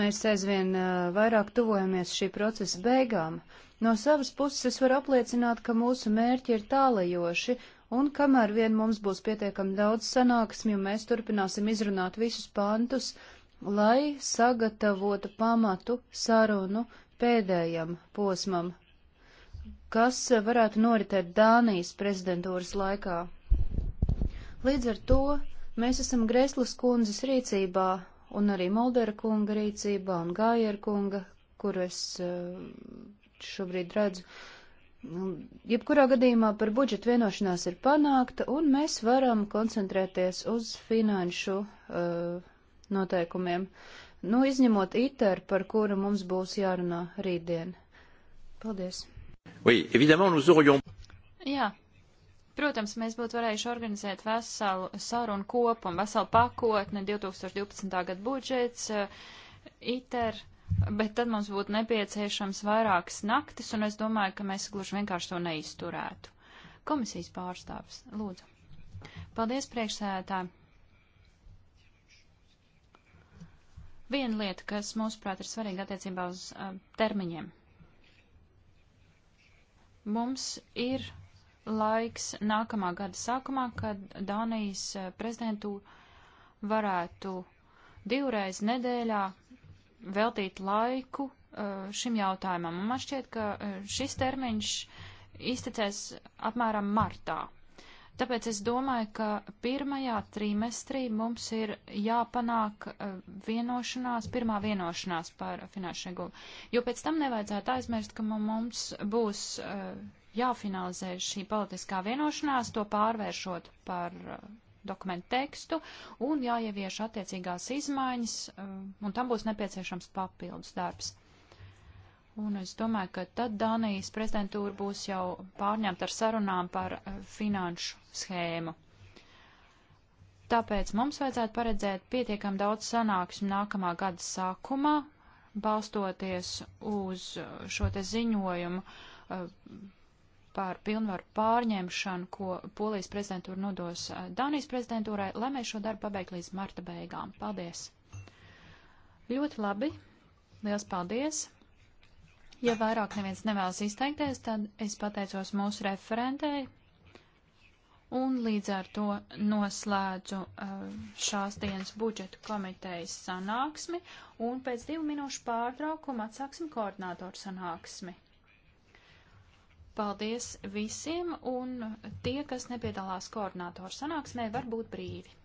mēs aizvien vairāk tuvojamies šī procesa beigām. No savas puses es varu apliecināt, ka mūsu mērķi ir tālajoši un kamēr vien mums būs pietiekami daudz sanāksmju, mēs turpināsim izrunāt visus pantus, lai sagatavotu pamatu sarunu pēdējam posmam, kas varētu noritēt Dānijas prezidentūras laikā. Līdz ar to mēs esam Greslas kundzes rīcībā un arī Moldera kunga rīcībā un Gājera kunga, kur es eh, šobrīd redzu. Nu, jebkurā gadījumā par budžetu vienošanās ir panākta, un mēs varam koncentrēties uz finanšu uh, noteikumiem. Nu, izņemot ITER, par kuru mums būs jārunā rītdien. Paldies. Oui, évidemment, nous aurions... Jā, Protams, mēs būtu varējuši organizēt veselu sarunu kopumu, veselu pakotni, 2012. gada budžets, eh, ITER, bet tad mums būtu nepieciešams vairākas naktis, un es domāju, ka mēs gluži vienkārši to neizturētu. Komisijas pārstāvis, lūdzu. Paldies, priekšsēdētāji. Viena lieta, kas mūsuprāt ir svarīga attiecībā uz uh, termiņiem. Mums ir laiks nākamā gada sākumā, kad Dānijas uh, prezidentu varētu divreiz nedēļā veltīt laiku uh, šim jautājumam. Man šķiet, ka uh, šis termiņš iztecēs apmēram martā. Tāpēc es domāju, ka pirmajā trimestrī mums ir jāpanāk e, vienošanās, pirmā vienošanās par finanšu regulu. Jo pēc tam nevajadzētu aizmirst, ka mums būs e, jāfinalizē šī politiskā vienošanās, to pārvēršot par e, dokumentu tekstu un jāievieš attiecīgās izmaiņas, un tam būs nepieciešams papildus darbs. Un es domāju, ka tad Dānijas prezidentūra būs jau pārņemta ar sarunām par eh, finanšu schēmu. Tāpēc mums vajadzētu paredzēt pietiekam daudz sanāksmu nākamā gada sākumā, balstoties uz eh, šo te ziņojumu eh, par pilnvaru pārņemšanu, ko Polijas prezidentūra nodos Dānijas prezidentūrai, lai mēs šo darbu pabeigtu līdz marta beigām. Paldies! Ļoti labi! Liels paldies! Ja vairāk neviens nevēlas izteikties, tad es pateicos mūsu referentei un līdz ar to noslēdzu eh, šās dienas budžetu komitejas sanāksmi un pēc divu minūšu pārtraukuma atsāksim koordinātoru sanāksmi. Paldies visiem un tie, kas nepiedalās koordinātoru sanāksmē, var būt brīvi.